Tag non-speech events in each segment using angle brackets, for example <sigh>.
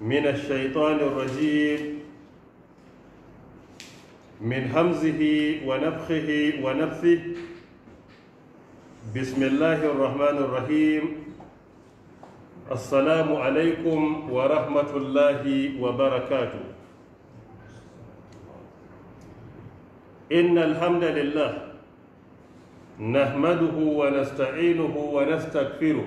من الشيطان الرجيم من همزه ونفخه ونفثه بسم الله الرحمن الرحيم السلام عليكم ورحمة الله وبركاته إن الحمد لله نحمده ونستعينه ونستغفره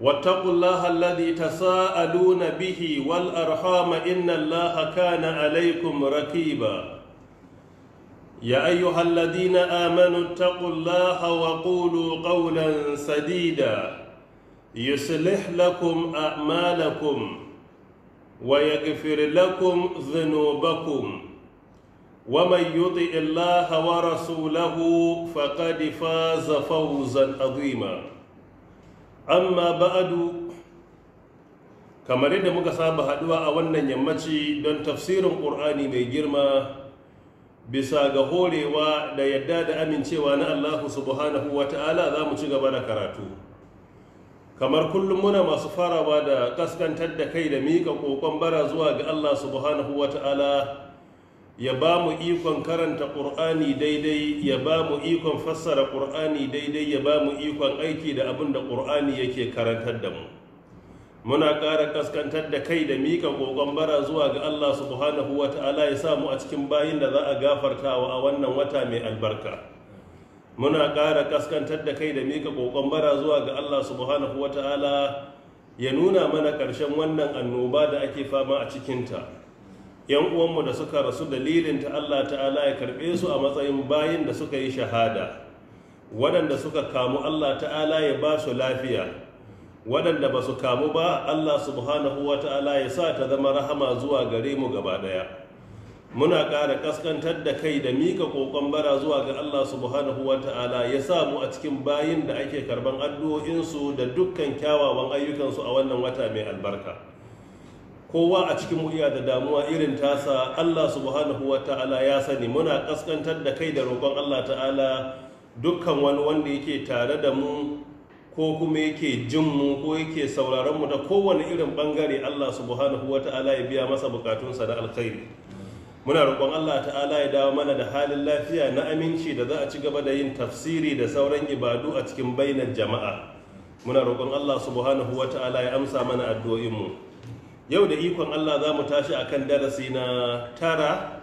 واتقوا الله الذي تساءلون به والأرحام إن الله كان عليكم ركيبا يا أيها الذين آمنوا اتقوا الله وقولوا قولا سديدا يصلح لكم أعمالكم ويغفر لكم ذنوبكم ومن يطئ الله ورسوله فقد فاز فوزا عظيما amma ba'adu kamar yadda muka saba haduwa a wannan yammaci don tafsirin ƙur'ani mai girma bisa ga horewa da yadda da amincewa na allahu subhanahu wa ta'ala za mu ci gaba da karatu kamar kullum muna masu farawa da kaskantar da kai da miƙa ƙoƙon bara zuwa ga allah subhanahu wa ta'ala ya ba mu ikon karanta ƙur'ani daidai ya ba mu ikon fassara ƙur'ani daidai ya ba mu ikon aiki da abin da ƙur'ani yake karantar da mu muna ƙara ƙaskantar da kai da miƙa ƙoƙon bara zuwa ga Allah subhanahu wa ta'ala ya samu a cikin bayin da za a gafartawa a wannan wata mai albarka muna ƙara ƙaskantar da kai da mika ƙoƙon bara zuwa ga Allah subhanahu wa ta'ala ya nuna mana ƙarshen wannan annoba da ake fama a cikinta yan uwanmu da suka rasu dalilin ta Allah ta'ala ya karɓe su a matsayin bayin da suka yi shahada waɗanda suka kamu Allah ta'ala ya ba su lafiya waɗanda ba su kamu ba Allah subhanahu wa ta'ala ya sa ta zama rahama zuwa gare mu gaba ɗaya muna ƙara ƙaskantar da kai da mika ƙoƙon bara zuwa ga Allah subhanahu wa ta'ala ya sa mu a cikin bayin da ake karban addu'o'insu da dukkan kyawawan ayyukansu a wannan wata mai albarka kowa a cikin muiya da damuwa irin tasa Allah subhanahu wa ta'ala ya sani muna kaskantar da kai da roƙon Allah ta'ala dukkan wani wanda yake tare da mu ko kuma yake jin mu ko yake sauraron mu da kowane irin bangare Allah subhanahu wa ta'ala ya biya masa bukatunsa na alkhairi muna roƙon Allah ta'ala ya dawo mana da halin lafiya na aminci da za a ci gaba da yin tafsiri da sauran ibadu a cikin bainar jama'a muna roƙon Allah subhanahu wa ta'ala ya amsa mana addu'o'in mu. yau da ikon Allah za mu tashi a kan darasi na tara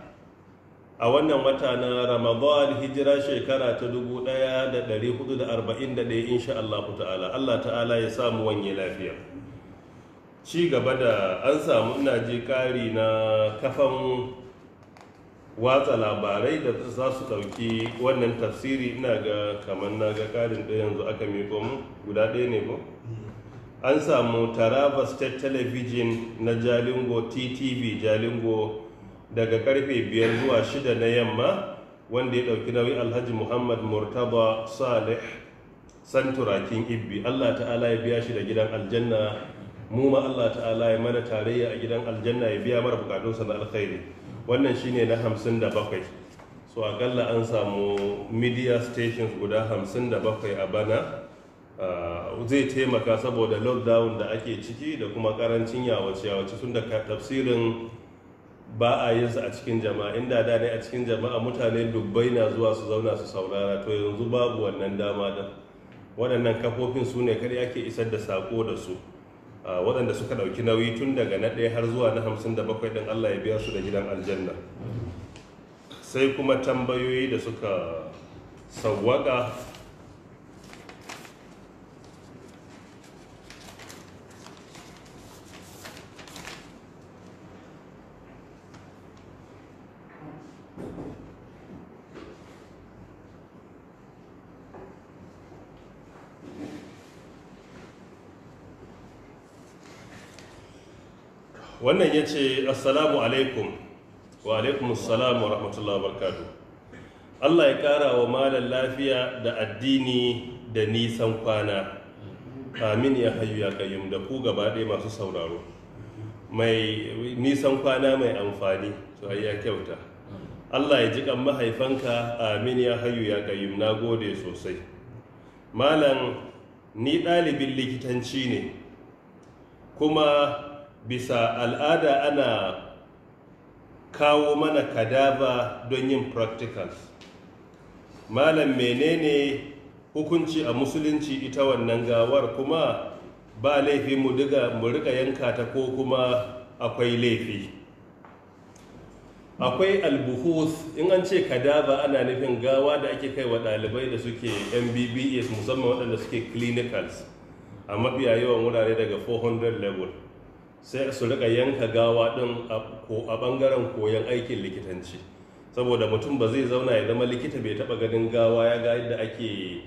a wannan wata na ramadan hijira shekara ta 1441 insha Allah ta'ala Allah ta'ala ya samu wanye lafiya ci gaba da an samu ina ji ƙari na kafan watsa labarai da za su ɗauki wannan tafsiri ina ga kamar na ga ƙarin ɗaya yanzu aka miƙo mu guda ɗaya ne ko? an samu taraba state television na jalingo ttv jalingo daga karfe 5 zuwa 6 na yamma wanda ya ɗauki nauyi alhaji muhammad murtaba salih santurakin ibbi allah ta'ala ya biya shi da gidan aljanna mu ma allah ta'ala ya mana tarayya a gidan aljanna ya biya mara bukatunsa na alkhairi wannan shine na 57 so akalla an samu media stations guda 57 a bana Uh, zai taimaka saboda lockdown da ake ciki da kuma karancin yawace yawace tun da tafsirin ba a yin su a cikin jama'a inda da ne a cikin jama'a mutane dubbai na zuwa su zauna su saurara to yanzu babu wannan dama da waɗannan kafofin su ne kare ake isar da sako da su uh, waɗanda suka ɗauki nauyi tun daga na ɗaya har zuwa na hamsin da bakwai ɗin allah ya biya su da gidan aljanna sai kuma tambayoyi da suka sawwaka wannan ya ce assalamu alaikum wa alaikum assalamu wa rahmatullahi barkatu Allah ya kara wa malar lafiya da addini da nisan kwana amin ya hayu ya kayyum da ku gaba ɗaya masu sauraro mai nisan kwana mai amfani su ya kyauta Allah ya ji kan mahaifanka amin ya hayu ya kayyum na gode sosai malam ni ɗalibin likitanci ne kuma bisa al'ada ana kawo mana kadaba don yin practicals malam menene hukunci a musulunci ita wannan gawar kuma ba laifi mu rika yanka ta ko kuma akwai laifi akwai albuhus in an ce kadaba ana nufin gawa da ake kai wa ɗalibai da suke mbbs musamman waɗanda suke clinicals a mafiya yawan wurare daga 400 level sai su rika yanka gawa ɗin a ɓangaren koyon aikin likitanci saboda mutum ba zai zauna ya zama likita bai taɓa ganin gawa ya ga yadda ake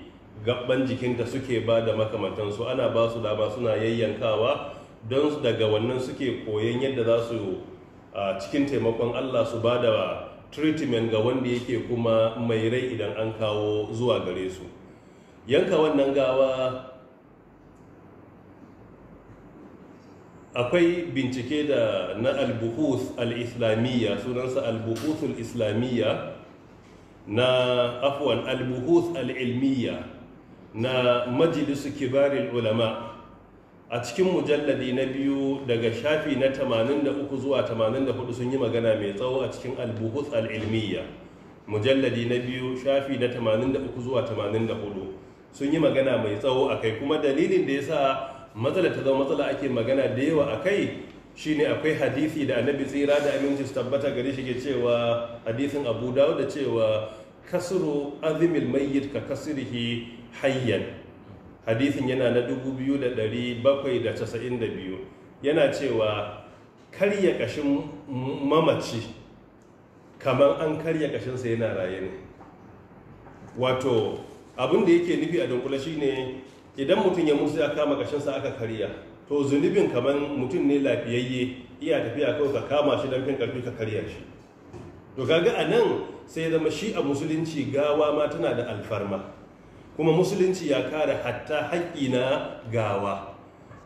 gaban jikinta suke ba da makamantansu ana ba su dama suna yayyankawa don daga wannan suke koyon yadda za su cikin taimakon allah su ba da treatment ga wanda yake kuma mai rai idan an kawo zuwa gare su yanka wannan gawa akwai bincike da na al al'islamiyya, al-islamiyya sunansa al islamiyya na afwan al al-ilmiyya na majlisu kibaril ulama a cikin mujalladi na biyu daga shafi na 83 zuwa 84 sun yi magana mai tsawo a cikin al mujalladi na biyu shafi na 83 zuwa 84 sun yi magana mai tsawo a kai kuma dalilin da yasa matsala ta zama matsala ake magana da yawa a kai shine akwai hadisi da annabi tsira da aminci su tabbata gare shi ke cewa hadisin abu dawo da cewa kasru azimil mayyit ka kasrihi hayyan hadisin yana na 2792 yana cewa karya kashin mamaci kamar an karya kashinsa yana raye ne wato abin da yake nufi a dunkula shine idan mutum ya mutu ya kama gashinsa aka karya to zunubin kamar mutum ne lafiyayye iya tafiya kawai ka kama shi don fin karfi ka karya shi to kaga a nan sai zama shi a musulunci gawa ma tana da alfarma kuma musulunci ya kare hatta haƙƙi na gawa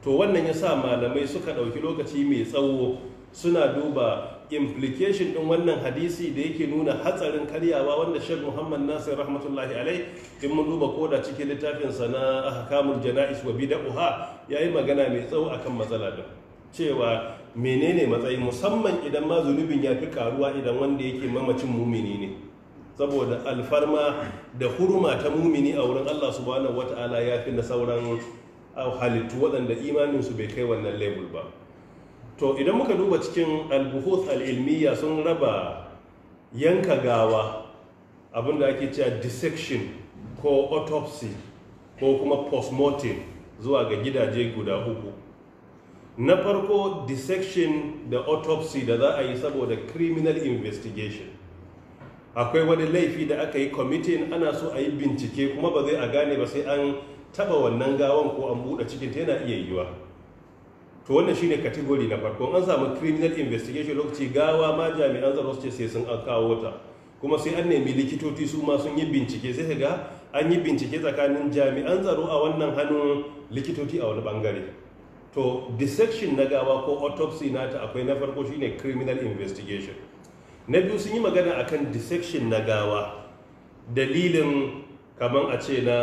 to wannan ya sa malamai suka ɗauki lokaci mai tsawo suna duba implication din wannan hadisi da yake nuna hatsarin karyawa wanda shek Muhammad Nasir rahmatullahi alai in mun duba koda cikin littafin sa na Ahkamul Jana'is wa ya yi magana mai tsawo akan matsala din cewa menene matsayi musamman idan ma zunubin ya fi karuwa idan wanda yake mamacin mumini ne saboda alfarma da hurma ta mumini a wurin Allah subhanahu wata'ala ya fi na sauran ah, halittu waɗanda imaninsu bai kai wannan label ba to idan muka duba cikin albuhut al'ilmiya sun raba yanka gawa abinda ake cewa dissection ko autopsy ko kuma postmortem zuwa ga gidaje guda uku na farko dissection da autopsy da za a yi saboda criminal investigation akwai wani laifi da aka yi kwamitin ana so a yi bincike kuma ba zai a gane ba sai an taba wannan gawan ko an buɗe cikin ta yana iya yiwa to wannan shine kategori na farko an samu criminal investigation lokaci gawa ma jami'an tsaro su ce sai sun an kawo ta kuma sai an nemi likitoci su ma sun yi bincike sai ga an yi bincike tsakanin jami'an tsaro a wannan hannun likitoci a wani bangare to dissection na gawa ko autopsy nata akwai na farko shine criminal investigation na biyu sun yi magana akan dissection na gawa dalilin kamar a ce na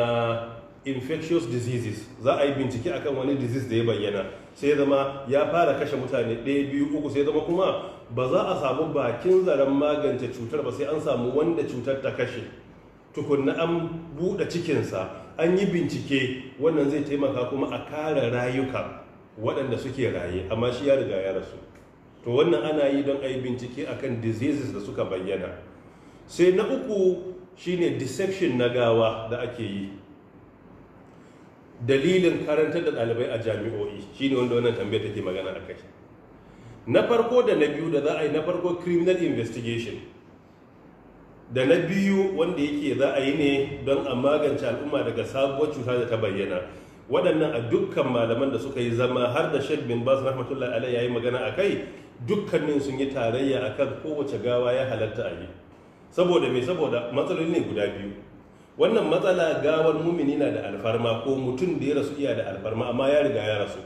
infectious diseases za a yi bincike akan wani disease da ya bayyana sai zama ya fara kashe mutane ɗaya biyu uku sai zama kuma ba za a samu bakin zaren magance cutar ba sai an samu wanda cutar ta kashe tukunna an buɗe cikinsa an yi bincike wannan zai taimaka kuma a kare rayuka waɗanda suke raye amma shi ya riga ya rasu to wannan ana yi don a yi bincike akan diseases da suka bayyana sai na uku shine deception na gawa da ake yi dalilin karantar da ɗalibai a jami'o'i shine wanda wannan tambayar take magana a kai na farko da na biyu da za a yi na farko criminal investigation da na biyu wanda yake za a yi ne don a magance al'umma daga sabuwar cuta da ta bayyana waɗannan a dukkan malaman da suka yi zama har da shek bin bas ala alaihi yayi magana a kai dukkanin sun yi tarayya akan kowace gawa ya halatta a yi saboda me saboda matsaloli ne guda biyu wannan matsala gawar mumini na da alfarma ko mutum da ya rasu iya da alfarma amma ya riga ya rasu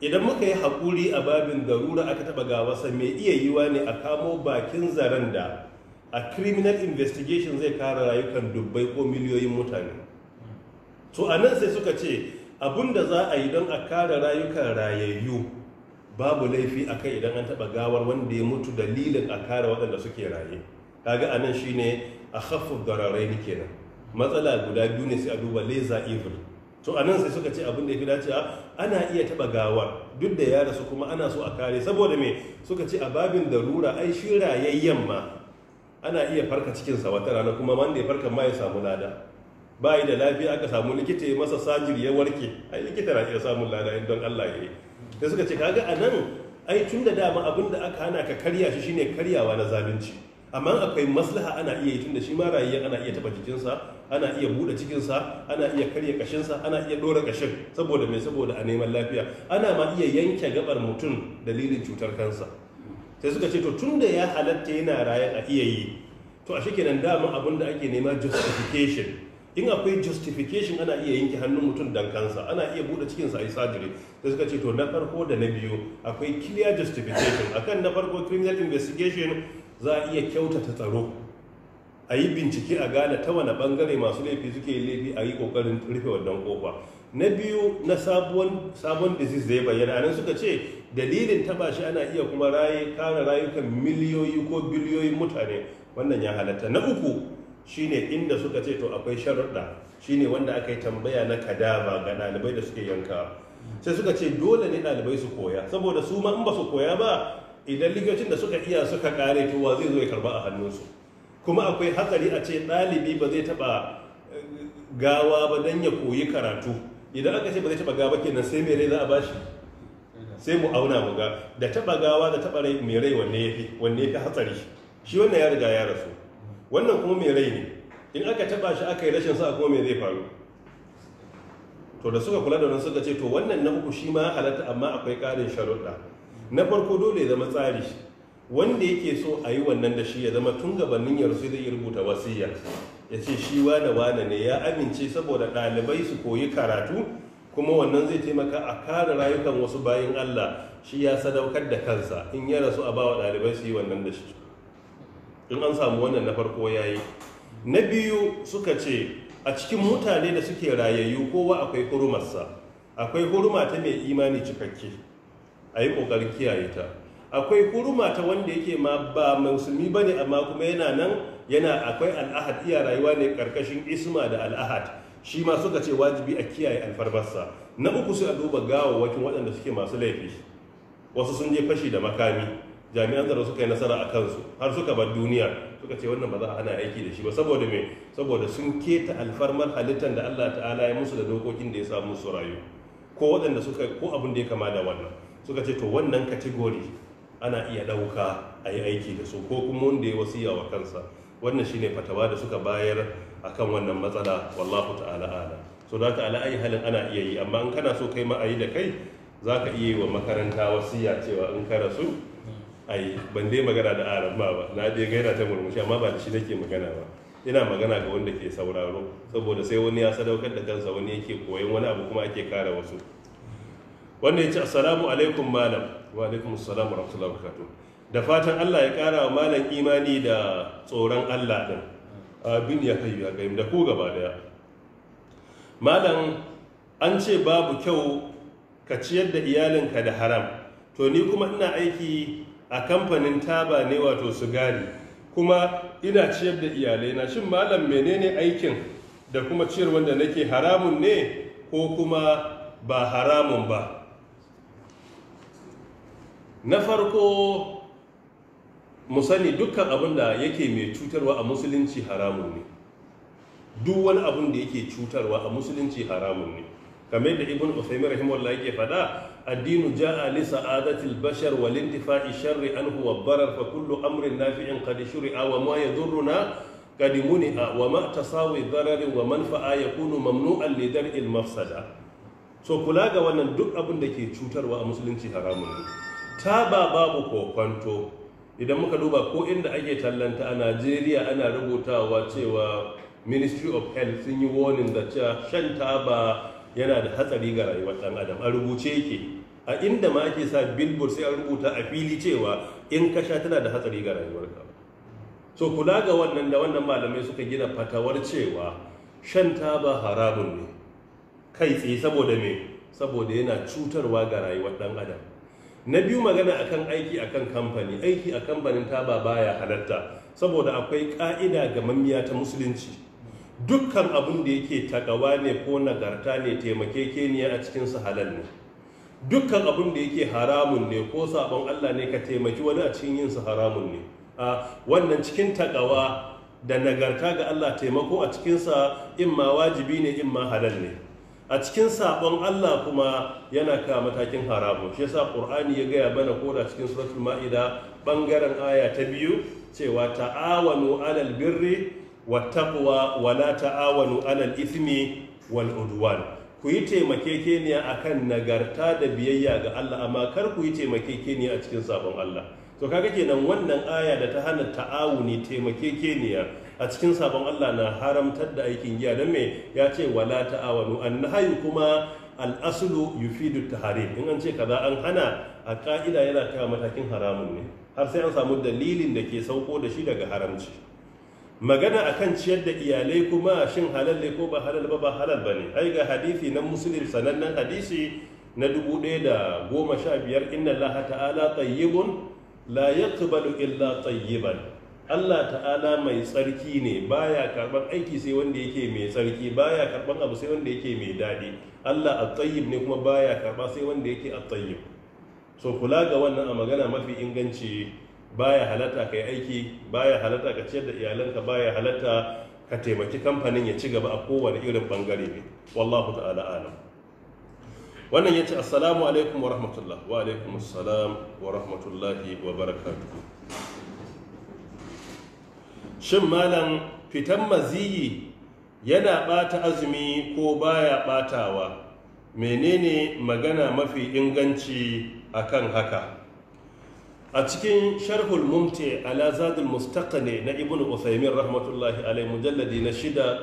idan muka yi haƙuri a babin darura aka taɓa gawarsa mai iya yiwa ne a kamo bakin zaren da a criminal investigation zai kare rayukan dubbai ko miliyoyin mutane to a nan sai suka ce abun da za a yi don a kare rayukan rayayyu babu laifi a kai idan an taɓa gawar wanda ya mutu dalilin a kare waɗanda suke raye kaga a nan shine a haffin dararai kenan matsala guda biyu ne sai a duba leza evil to a nan sai suka ce abin da ya fi dace ana iya taɓa gawa duk da ya rasu kuma ana so a kare saboda me suka ce a babin da rura ai shi rayayyen ma ana iya farka cikinsa wata rana kuma wanda ya farka ma ya samu lada ba yi da lafiya aka samu likita ya masa Sajir ya warke ai likita na iya samun lada in don Allah ya yi da suka ce kaga a nan ai tun da dama abin da aka hana ka karya shi shine karyawa na zalunci amma akwai maslaha ana iya yi tunda shi ma rayuwa ana iya taba jikinsa ana iya buɗe cikinsa ana iya karya kashinsa ana iya ɗora kashin saboda mai saboda a neman lafiya ana ma iya yanke gabar mutum dalilin cutar kansa sai suka ce to tunda ya halatta yana raye a iya yi to a da dama abin da ake nema justification in akwai justification ana iya yanke hannun mutum dan kansa ana iya buɗe cikinsa a yi surgery sai suka ce to na farko da na biyu akwai clear justification akan na farko criminal investigation za a iya kyautata tsaro a yi bincike a gane ta wani bangare masu laifi suke laifi a yi kokarin rufe wannan kofa na biyu na sabon disease zai bayyana anan suka ce dalilin taba shi ana iya kuma raye kare rayukan miliyoyi ko biliyoyin mutane wannan ya halatta na uku shine inda suka ce to akwai sharuɗa shine wanda aka yi tambaya na kadaba ga ɗalibai da suke yanka sai suka ce dole ne ɗalibai su koya saboda su ma in ba su koya ba idan likitocin da suka iya suka kare to wa zai zo ya karba a hannunsu kuma akwai hatsari a ce ɗalibi ba zai taɓa eh, gawa ba don ya koyi karatu idan aka ce ba zai taɓa gawa kenan sai mai rai za a bashi sai mu auna mu ga da taɓa gawa da taɓa rai mai rai wanne ya fi wanne ya fi hatsari shi wannan ya riga ya rasu wannan kuma mai rai ne in aka taɓa shi aka yi rashin sa kuma mai zai faru to da suka kula da wannan suka ce to wannan na uku shi ma halatta amma akwai ƙarin sharuɗa na farko dole ya zama tsari wanda yake so a yi wannan da shi ya zama tun gabanin yarsu zai rubuta wasiya ya ce shi wane wane ne ya amince saboda ɗalibai su koyi karatu kuma wannan zai taimaka a kare rayukan wasu bayan Allah shi ya sadaukar da kansa in ya rasu a bawa ɗalibai su yi wannan da shi in an samu wannan na farko ya yi na biyu suka ce a cikin mutane da suke rayayyu kowa akwai hurumarsa akwai huruma ta mai imani cikakke a yi ƙoƙarin kiyaye ta akwai huruma ta wanda yake ma ba musulmi ba ne amma kuma yana nan yana akwai al'ahad iya rayuwa ne ƙarƙashin isma da al'ahad shi ma suka ce wajibi a kiyaye alfarmarsa na uku sai a duba gawawwakin waɗanda suke masu laifi wasu sun je fashi da makami jami'an tsaro suka yi nasara a kansu har suka bar duniya suka ce wannan ba za a hana aiki da shi ba saboda me saboda sun keta alfarmar halittar da Allah ta'ala ya musu da dokokin da ya samu musu rayu ko waɗanda suka ko abin da ya kama da wannan suka ce to wannan kategori ana iya ɗauka a yi aiki da su ko kuma wanda ya wasiya wa kansa wannan shi ne fatawa da suka bayar a kan wannan matsala wallahu ta'ala ala so da ka ala halin ana iya yi amma in kana so kai ma da kai za ka iya yi wa makaranta wasiya cewa in ka rasu ai ban dai magana da arab ba ba na dai gaira ta murmushi amma ba da shi nake magana ba ina magana ga wanda ke sauraro saboda sai wani ya sadaukar da kansa wani yake koyon wani abu kuma ake kare wasu wannan ya ce assalamu alaikum malam wa alaikum assalamu rahmatullahi wabarakatuh da fatan Allah ya kara wa malam imani da tsoron Allah din abin ya kai ya gaim da ku gaba daya malam an ce babu kyau ka ciyar da iyalinka da haram to ni kuma ina aiki a kamfanin taba ne wato sigari kuma ina ciyar da iyalai na shin malam menene aikin da kuma ciyar wanda nake haramun ne ko kuma ba haramun ba na farko mu sani dukkan abin da yake mai cutarwa a musulunci haramun ne duk wani abin da yake cutarwa a musulunci haramun ne kamar da ibn usaymi rahimahullah yake fada addinu ja'a li sa'adatil bashar wal intifa'i sharri anhu wa barar fa kullu amrin nafi'in qad shuri'a wa ma yadhurruna qad muni'a wa ma tasawi dararin wa manfa'a yakunu mamnu'an li dar'il mafsada so kula ga wannan duk abin da ke cutarwa a musulunci haramun ne taba babu kokwanto idan muka duba ko inda ake tallanta a najeriya ana rubutawa cewa ministry of health sun yi warning da cewa shan taba yana da hatsari ga rayuwar ɗan adam a rubuce yake a inda ma ake sa billboard sai an rubuta a fili cewa in ka sha tana da hatsari ga rayuwarka so kula ga wannan da wannan malamai suka gina fatawar cewa shan taba haramun ne kai tsaye saboda me saboda yana cutarwa ga rayuwar ɗan adam na biyu magana akan aiki akan kamfani aiki a kamfanin taba baya halatta saboda akwai ka'ida ga mamiya ta musulunci dukkan abin da yake takawa ne ko nagarta ne taimakekeniya a cikin su halal ne dukkan abin da yake haramun ne ko sabon Allah ne ka taimaki wani a cikin yin su haramun ne a wannan cikin takawa da nagarta ga Allah taimako a cikinsa imma wajibi ne imma halal ne a cikin sabon Allah kuma yana ka matakin haramu shi yasa Qur'ani ya gaya mana ko cikin suratul Ma'ida bangaren aya ta biyu cewa ta'awanu alal birri wattaqwa wa la ta'awanu alal ithmi wal udwan ku yi taimakekeniya akan nagarta da biyayya ga Allah amma kar ku yi taimakekeniya a cikin sabon Allah to kaga kenan wannan aya da ta hana ta'awuni taimakekeniya a cikin sabon Allah na haramtar da aikin giya don me ya ce wala ta'awanu annahayu kuma al'asulu yufidu taharim in an ce kaza an hana a ka'ida yana kai matakin haramun ne har sai an samu dalilin da ke sauko da shi daga haramci magana akan ciyar da iyalai kuma shin halal ne ko ba halal ba ba halal ba ne ai ga hadisi na muslim sanannen hadisi na dubu da goma biyar. inna allaha ta'ala tayyibun la yaqbalu illa tayyiban Allah ta'ala mai tsarki ne baya karban aiki sai wanda yake mai tsarki baya karban abu sai wanda yake mai daɗi Allah at-tayyib ne kuma baya karba sai wanda yake at-tayyib so kula ga wannan a magana mafi inganci baya halatta kai aiki baya halatta ka ciyar da iyalanka baya halatta ka taimaki kamfanin ya ci gaba a kowane irin bangare ne wallahu ta'ala alam wannan yace assalamu alaikum wa rahmatullah wa alaikum assalam wa rahmatullahi wa barakatuh shin malam fitan maziyi yana ɓata azumi ko baya ɓatawa menene magana mafi inganci a kan haka a cikin sharhul mumti ala zadul mustaqani na ibnu usaimin rahmatullahi alaihi mujalladi na shida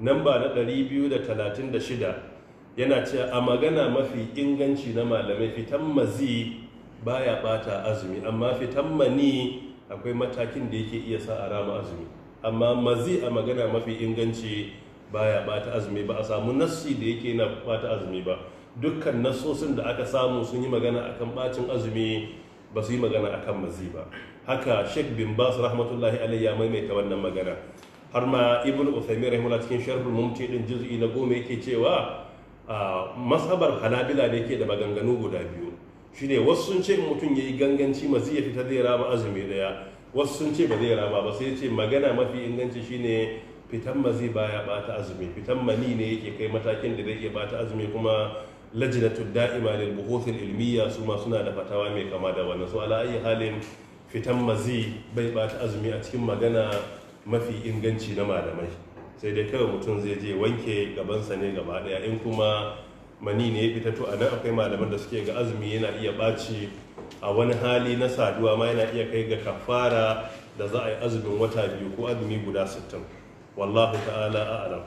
namba na 236 yana cewa a magana mafi inganci na malamai fitan mazi baya ɓata azumi amma fitan mani akwai matakin da yake iya sa a rama azumi amma mazi a magana mafi inganci baya bata azumi ba a samu nassi da yake na bata azumi ba dukkan nassosin da aka samu sun yi magana akan bacin azumi ba su yi magana akan mazi ba haka sheikh bin bas rahmatullahi alaihi ya maimaita wannan magana har ma ibnu uthaymeen rahimahullah cikin sharhul mumti din juz'i na goma yake cewa ah, masabar hanabila ne ke da maganganu guda biyu shine wasu sun ce mutum ya yi ganganci masu ya fita zai raba azumi daya wasu sun ce ba zai raba ba sai ce magana mafi inganci shine fitan mazi baya bata azumi fitan mani ne yake kai matakin da zai iya bata azumi kuma lajinatu da'ima lil buhuthil ilmiya su ma suna da fatawa mai kama da wannan so ala ayi halin fitan mazi bai bata azumi a cikin magana mafi inganci na malamai sai dai kawai mutum zai je wanke gabansa ne gaba daya in kuma mani ne ya fita a nan akwai malaman da suke ga azumi yana iya ɓaci a wani hali na saduwa ma yana iya kai ga kafara da za a yi azumin wata biyu ko azumi guda sittin wallahu ta'ala a'lam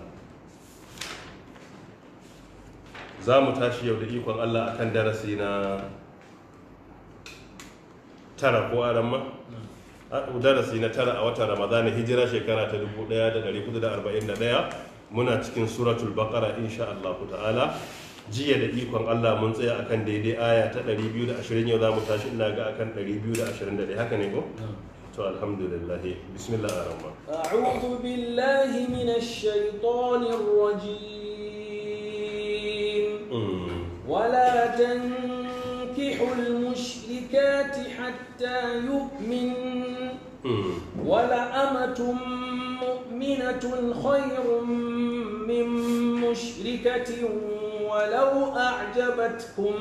za mu tashi yau da ikon allah akan darasi na tara ko aran ma hmm. darasi na tara a watan ramadana hijira shekara ta 1441 muna cikin suratul baqara insha Allah ta'ala jiya da ikon Allah mun tsaya akan daidai aya ta 220 yau za mu tashi ina ga akan 221 haka ne ko to alhamdulillah bismillah ar-rahman a'udhu billahi minash shaitanir rajim hmm. wala tankihul mushrikati hatta yu'min ولأمة مؤمنة خير من مشركة ولو أعجبتكم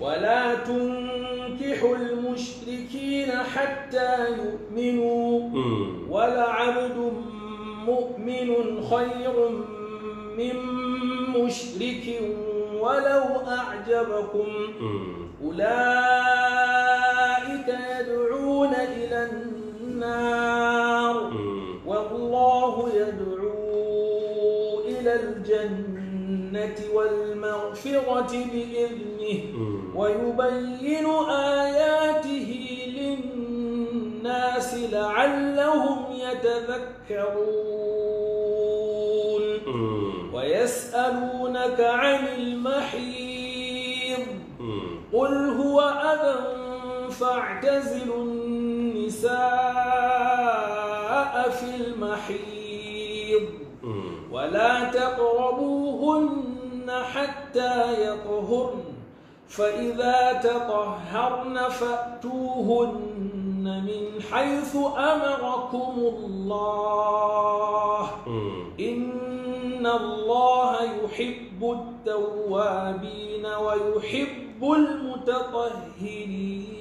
ولا تنكحوا المشركين حتى يؤمنوا ولعبد مؤمن خير من مشرك ولو أعجبكم أولئك يدعون إلى النار النار والله يدعو إلى الجنة والمغفرة بإذنه ويبين آياته للناس لعلهم يتذكرون ويسألونك عن المحيض قل هو أذى فاعتزلوا النساء محيض ولا تقربوهن حتى يطهرن فإذا تطهرن فأتوهن من حيث أمركم الله إن الله يحب التوابين ويحب المتطهرين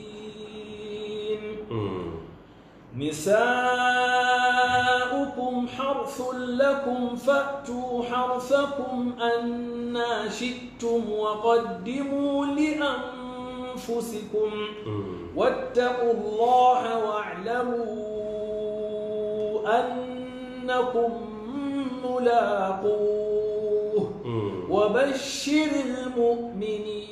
نساؤكم حرث لكم فأتوا حرثكم أنا شئتم وقدموا لأنفسكم واتقوا الله واعلموا أنكم ملاقوه وبشر المؤمنين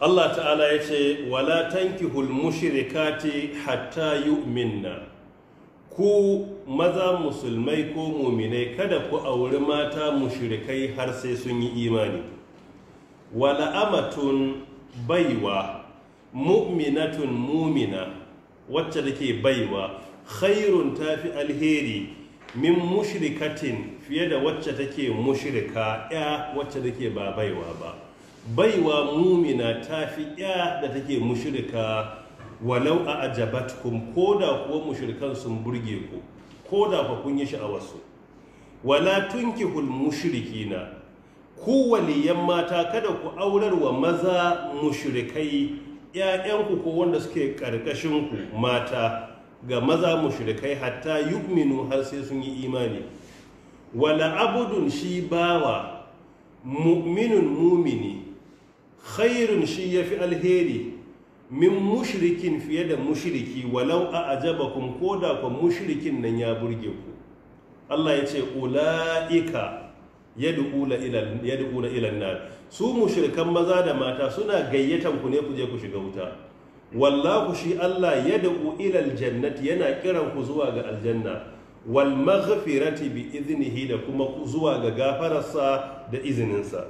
Allah ta'ala ya ce wala tankihul mushrikati hatta yu'minna ku maza musulmai ko muminai kada ku auri mata mushrikai har sai sun yi imani wala amatun baiwa mu'minatun mumina wacce take baiwa khairun tafi alheri min mushrikatin fiye da wacce take mushrika ya wacce take ba baiwa ba baiwa mumina ta fi ya da take mushirika walau a ajabatkum ko da kuwa mushirikan sun burge ku ko da fa kun yi sha'awarsu wala tunkihul na. ku waliyan mata kada ku aurar wa maza mushrikai ‘ya'yanku ko wanda suke ku mata ga maza mushrikai hatta yu'minu har sai sun yi imani wala abudun shi bawa mu'minun mumini khairun shi ya fi alheri min mushrikin fiye da mushriki walau a ajaba ko da ku mushrikin nan ya burge ku Allah ya ce ula'ika ya ila ilan na su mushrikan maza da mata suna gayyatan ku ne ku je ku shiga wuta wallahu shi Allah yad'u ilal jannati yana kiran ku zuwa ga aljanna wal maghfirati bi idnihi da kuma zuwa ga gafararsa da izininsa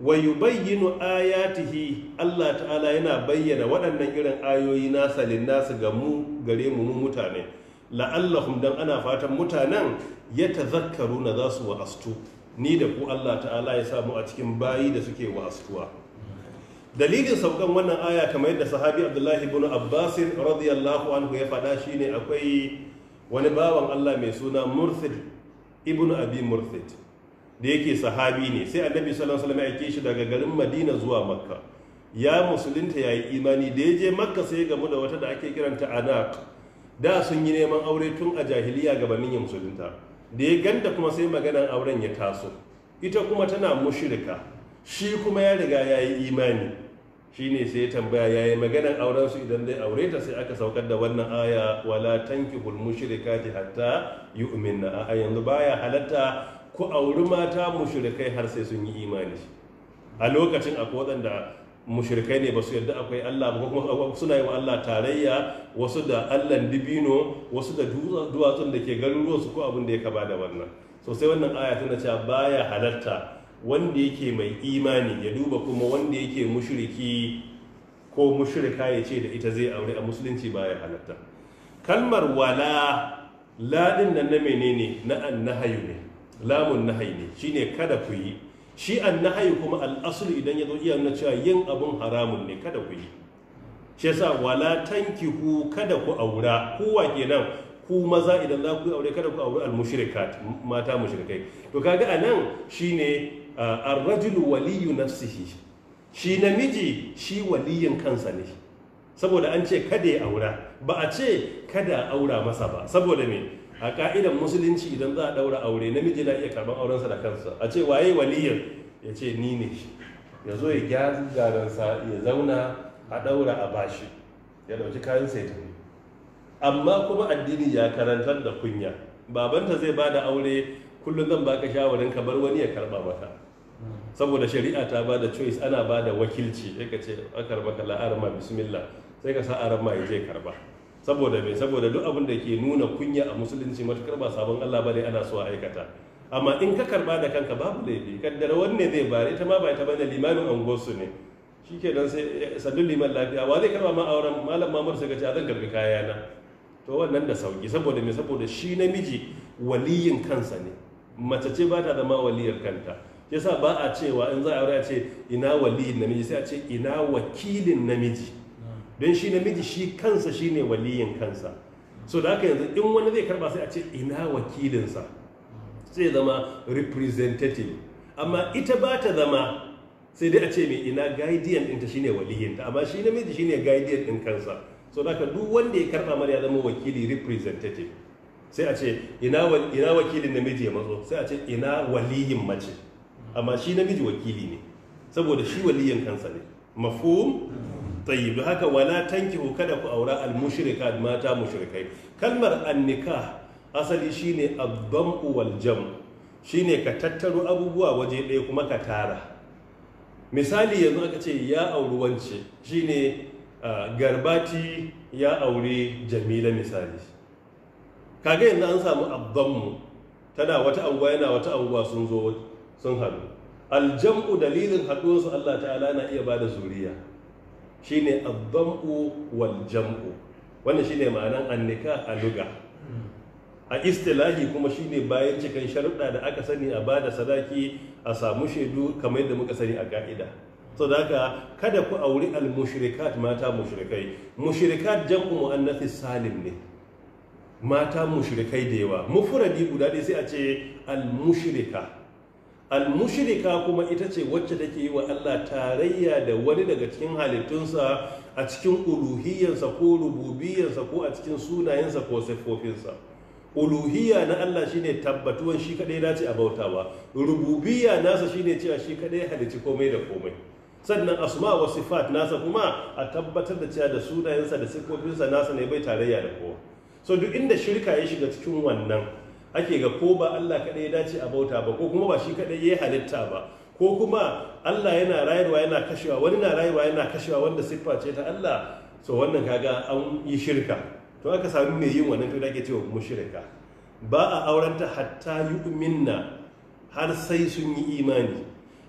wa yubayyinu ayatihi Allah ta'ala yana bayyana waɗannan irin ayoyi nasa linnasu ga mu gare mu mu mutane la'allahum dan ana fatan mutanen ya na za su wa'astu ni da ku Allah ta'ala ya samu a cikin bayi da suke wa'astuwa dalilin saukan wannan aya kamar yadda sahabi Abdullahi ibn Abbas radiyallahu anhu ya faɗa shine akwai wani bawan Allah mai suna Mursid ibn Abi Mursid da yake sahabi ne sai annabi sallallahu alaihi wasallam ya shi daga garin madina zuwa makka ya musulunta yayi imani da ya je makka sai gamu da wata da ake kiranta Anaq da sun yi neman aure tun a jahiliya gabanin ya musulunta da ya ganta kuma sai maganan auren ya taso ita kuma tana mushrika shi kuma ya riga yayi yi imani shine sai ya tambaya yayi yi maganan auren su idan zai aure ta sai aka saukar da wannan aya wala tankihul mushrikati hatta yu'minna a yanzu baya halatta ku auri mata mushrikai har sai sun yi imani a lokacin akwai waɗanda mushrikai ne ba su yarda akwai Allah ba kuma suna yi wa Allah tarayya wasu da Allahn dibino wasu da duwatsun da ke garuruwan su ko abin da ya kaba da wannan Sosai wannan aya tana cewa baya halarta wanda yake mai imani ya duba kuma wanda yake mushiriki ko mushirika ya ce da ita zai aure a musulunci baya halarta kalmar wala ladin nan na menene na annahayu ne lamun nahai ne shine kada ku yi shi an nahai kuma al'asulu idan ya zo iya cewa yin abun haramun ne kada ku yi shi yasa wala ku kada ku aura kowa kenan ku maza idan za ku yi aure kada ku aure al-mushrikat mata mushrikai to kaga anan shine ar rajul waliyyu nafsihi shi namiji shi waliyin kansa ne saboda an ce kada ya aura ba a ce kada aura masa ba saboda me a ka'idan musulunci idan za a ɗaura aure namiji na iya karban aurensa da kansa a ce waye waliyan?" ya ce ni ne ya zo ya gyara garansa ya zauna a ɗaura a bashi ya dauki kayan sai tafi amma kuma addini ya karantar da kunya babanta zai ba da aure kullum zan baka shawarin ka bar wani ya karba mata saboda shari'a ta ba da choice ana ba da wakilci sai ka ce karɓa ka la'arma bismillah sai ka sa arama ya je karba saboda me saboda duk abin da ke nuna kunya a musulunci matukar ba sabon Allah ba ne ana so a aikata amma in ka karba da kanka babu laifi kaddara wanne zai bare ta ma ba ta bane limamin angosu ne shike dan sai eh, sallu liman lafiya wa zai karba ma auren malam mamur sai ka ce a zan karbi kayana to wannan da sauki saboda me saboda shi namiji waliyin kansa ne mace ce ba ta zama waliyar kanta yasa ba a cewa in za a aure a ce ina waliyin namiji sai a ce ina wakilin namiji don shi namiji shi kansa shi ne waliyin kansa so da haka yanzu in wani zai karba sai a ce ina wakilinsa sai zama representative amma ita ba ta zama sai dai a ce mai ina guardian ɗinta shi ne waliyinta amma shi namiji shi ne guardian ɗin kansa so da duk wanda ya karba mara ya zama wakili representative sai a ce ina wakilin namiji ya matso sai a ce ina waliyin mace amma shi namiji wakili ne saboda shi waliyin kansa ne mafhum tayyib haka wala tankihu kada ku aura al mushrikat mata mushirikai. kalmar annika asali shine abdamu wal jam shine ka tattaro abubuwa waje ɗaya kuma ka tara misali yanzu aka ce ya auri wance shine garbati ya aure jamila misali kaga yanzu an samu abdamu tana wata anguwa yana wata anguwa sun zo sun haɗu aljam'u dalilin haɗuwarsu Allah ta'ala na iya ba da zuriya shine adhamu wal jam'u wannan shine ma'anan annika a luga a istilahi kuma shine bayan cikin sharuɗa da aka sani a bada sadaki a samu shaidu kamar yadda muka sani a ga'ida. so da haka kada ku auri al mushrikat mata mushrikai mushrikat jam'u muannathi salim ne mata mushrikai da yawa mufradi guda dai sai a ce al mushrika al kuma ita ce wacce take yi wa Allah tarayya da wani daga cikin halittunsa a cikin uluhiyyarsa ko rububiyyansa ko a cikin sunayensa ko siffofinsa uluhiyya na Allah shine tabbatuwan shi kadai dace a bautawa rububiyya nasa shine cewa shi kadai halici komai da komai sannan asma wa sifat nasa kuma a tabbatar da cewa da sunayensa da siffofinsa nasa ne bai tarayya da kowa so duk inda shirka ya shiga cikin wannan ake ga ko ba Allah kaɗai ya dace a bauta ba ko kuma ba shi kaɗai ya halitta ba ko kuma Allah yana rayuwa yana kashewa wani na rayuwa yana kashewa wanda siffa ce ta Allah so wannan kaga an yi shirka to aka sami mai yin wannan to da ake cewa shirka. ba a aurenta hatta yu'minna har sai sun yi imani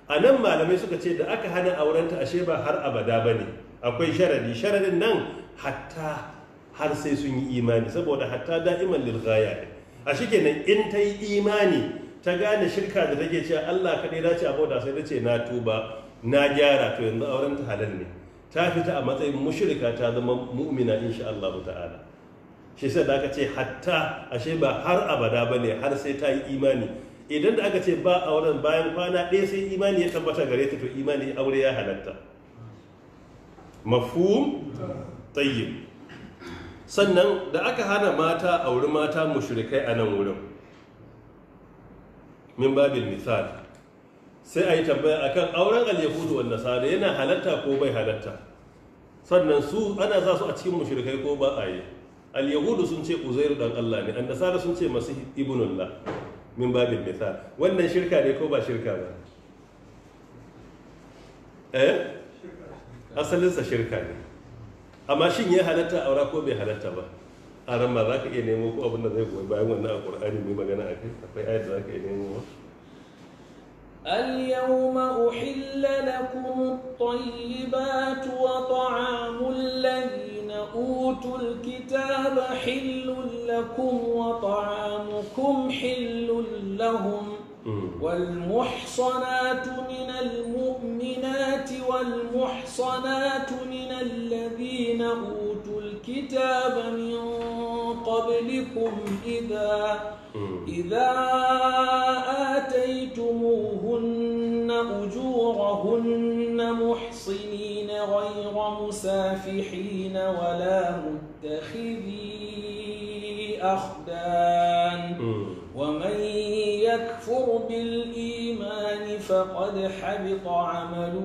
a nan malamai suka ce da aka hana aurenta ashe ba har abada ba ne akwai sharadi sharadin nan hatta har sai sun yi imani saboda hatta da'iman lil ghaya a shi kenan in ta yi imani ta gane shirka da take cewa Allah kaɗai dace a bauta sai ta na tuba na gyara to yanzu auren ta halal ne ta fita a matsayin mushrika ta zama mu'mina insha Allah ta'ala shi sai da aka ce hatta ashe ba har abada ba ne har sai ta yi imani idan da aka ce ba auren bayan kwana ɗaya sai imani ya tabbata gare ta to imani aure ya halatta mafhum tayyib sannan da aka hana mata auri mata mushrikai a nan wurin min babil misal sai a yi tambaya akan auren al-yahudu wan nasara yana halatta ko bai halatta sannan su ana za su a cikin mushrikai ko ba a yi al-yahudu sun ce uzairu dan Allah ne an nasara sun ce masu ibnullah min babil misal wannan shirka ne ko ba shirka ba eh asalinsa shirka ne amma shin ya halatta aura ko bai halatta ba a ran ma za ka iya nemo ko abin da zai goyi bayan wannan a ƙur'ani mai magana a kai akwai ayat da za ka iya nemo ba اليوم أحل لكم الطيبات وطعام الذين أوتوا الكتاب حل لكم وطعامكم حل لهم ۖ والمحصنات من المؤمنات والمحصنات من الذين أوتوا الكتاب من قبلكم إذا إذا آتيتموهن أجورهن محصنين غير مسافحين ولا متخذي أخذ فقد حبط عمله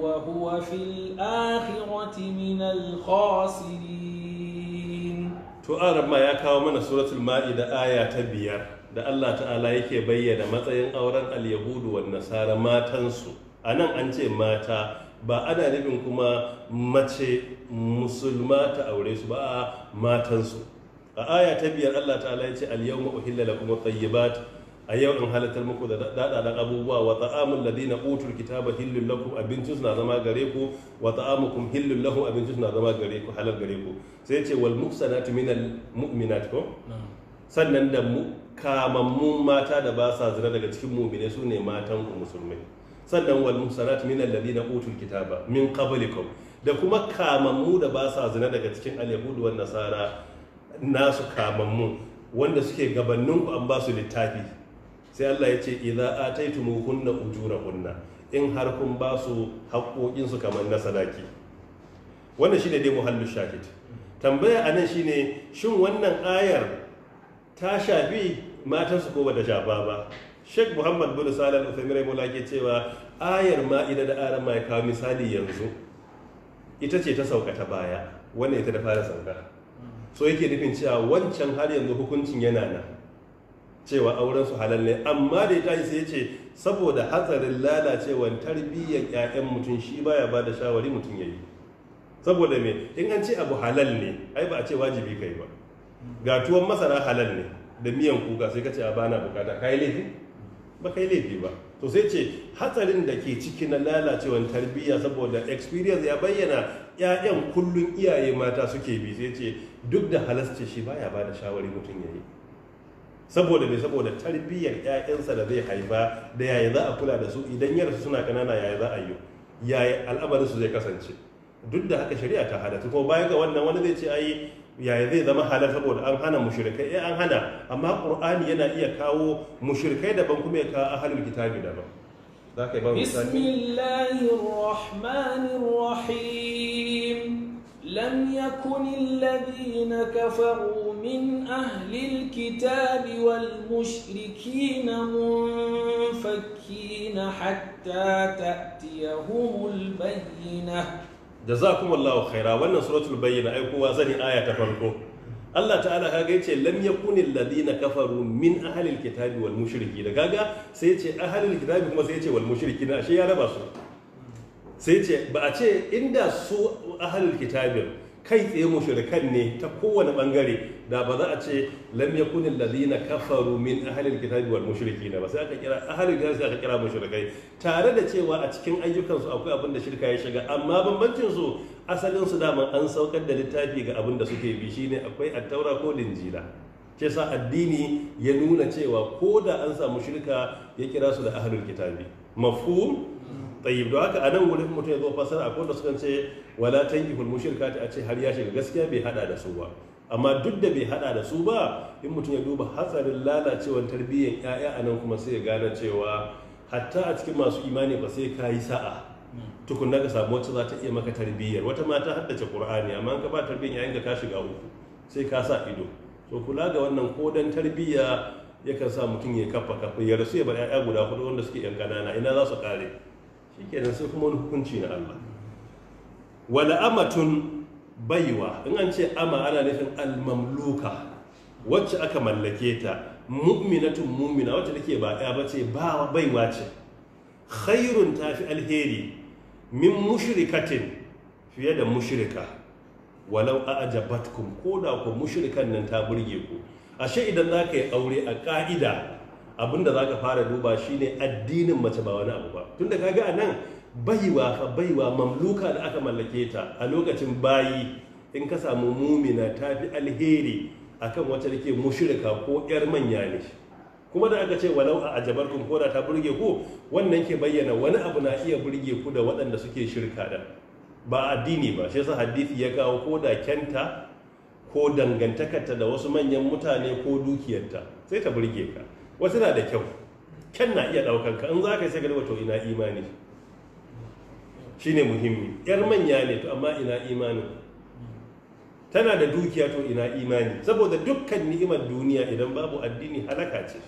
وهو في الآخرة من الخاسرين to arab ya kawo mana suratul ma'ida aya ta biyar da Allah ta'ala yake bayyana matsayin auren al-yahudu wan nasara matansu anan an ce mata ba ana nufin kuma mace musulma ta aure su ba a matansu a aya ta biyar Allah ta'ala ya ce al-yawma uhilla lakum at-tayyibat a yau in halittar muku da daɗaɗan abubuwa wa ta'amun ladina utul kitaba hillun lakum abincin suna zama gare ku wa ta'amukum hillun lahum abincin suna zama gare ku halal gare ku sai ce wal muksanatu minal mu'minat ko sannan da mu kamammun mata da ba sa zina daga cikin mu'mine su ne matan ku musulmai sannan wal muksanat minal ladina utul kitaba min qablikum da kuma kamammu da ba sa zina daga cikin alyahudu wan nasara nasu kamammu wanda suke gabaninku an ba su littafi sai Allah ya ce idza ujura ujurahunna in har kun ba su haƙoƙin su kamar na sadaki wannan shine dai muhallu shahid tambaya anan shine shin wannan ayar ta shafi matan su ko bata shafa ba Sheikh Muhammad bin Salih Al-Uthaymeen Allah ke cewa ayar ma'ida da aran mai kawo misali yanzu ita ce ta sauka ta baya wannan ita da fara sauka so yake nufin cewa wancan har yanzu hukuncin yana nan cewa auren su halal ne amma da ya tashi sai ya ce saboda hatsarin lalacewan tarbiyyar 'ya'yan mutum shi baya ba da shawari mutum ya yi saboda me in an ce abu halal ne ai ba a ce wajibi kai ba ga tuwon masara halal ne da miyan kuka sai ka ce a bana bukata kai laifi ba kai laifi ba to sai ce hatsarin da ke ciki na lalacewan tarbiyya saboda experience ya bayyana 'ya'yan kullum iyaye mata suke bi sai ce duk da halasce shi baya ba da shawari mutum ya yi saboda mai saboda tarbiyyar 'ya'yansa da zai haifa da yaya za a kula da su idan yarsu suna kanana yaya za a yi yaya al'amarin su zai kasance duk da haka shari'a ta halatta kuma baya ga wannan wani zai ce ai yaya zai zama halal saboda an hana mushrikai eh an hana amma qur'ani yana iya kawo mushrikai daban kuma ya kawo ahlul kitabi daban zaka ba bismillahir rahmanir rahim lam yakun alladhina kafaru من أهل الكتاب والمشركين منفكين حتى تأتيهم البينة جزاكم الله خيرا وانا سورة البينة أي aya آية farko. Allah ta'ala kaga yace lam yakun alladhina kafaru min ahli alkitabi wal mushrikeen sai yace ahli kuma sai yace wal mushrikeen ashe ya raba su sai ba a ce inda su ahli kai tsaye mu shirkan ne ta kowane bangare da ba za a ce lam yakun alladhina kafaru min ahli alkitabi wal mushrikina ba sai aka kira ahli alkitabi sai aka kira mushrikai tare da cewa a cikin ayyukansu akwai abin da shirka ya shiga amma bambancin su asalin su dama an saukar da littafi ga abin da suke bi shine akwai at-taura ko linjila Ke sa addini ya nuna cewa ko da an samu shirka ya kira su da ahalin kitabi mafhum tayyib don haka a nan wurin mutum ya zo fasara ko da sukan ce wala tankihul mushrikati a ce har ya shiga gaskiya bai hada da su ba amma duk da bai hada da su ba in mutum ya duba hatsarin lalacewar tarbiyyar 'ya'ya a nan kuma sai ya gane cewa hatta a cikin masu imani ba sai ka yi sa'a tukunna ka samu wacce za ta iya maka tarbiyyar wata mata haddace qur'ani amma ka ba tarbiyyar 'ya'yanka ka shiga uku sai ka sa ido to kula ga wannan ko dan tarbiyya yakan sa mutum ya kafa kafa ya rasu ya bar 'ya'ya guda hudu wanda suke yan ƙanana ina za su kare shikenan sai kuma wani hukunci na Allah wala amatun baiwa in an ce ama ana nufin almamluka wacce aka mallake ta mu'minatun mu'mina wacce take ba ya bace ba baiwa ce khairun fi alheri min mushrikatin fiye da mushrika walau a'jabatkum ko da ku mushrikan nan ta burge ku ashe idan za ka yi aure a ka'ida abin da za ka fara duba shine addinin mace ba wani abu ba tun da kaga a nan baiwa ka baiwa mamluka da aka mallake ta a lokacin bayi in ka samu mumina ta fi alheri akan wacce da ke mushirka ko yar manya ne kuma da aka ce walau a ajabar ko da ta burge ku wannan ke bayyana wani abu na iya burge ku da waɗanda suke shirka da ba addini ba shi yasa hadisi ya kawo ko da kyanta ko dangantakarta da wasu manyan mutane ko dukiyarta sai ta burge ka Wasu na da kyau kyan na iya daukan ka in za ka sai ka to ina imani Shi ne muhimmi yar manya ne to amma ina imanin tana da dukiya to ina imani saboda dukkan ni'imar duniya idan babu addini halaka ce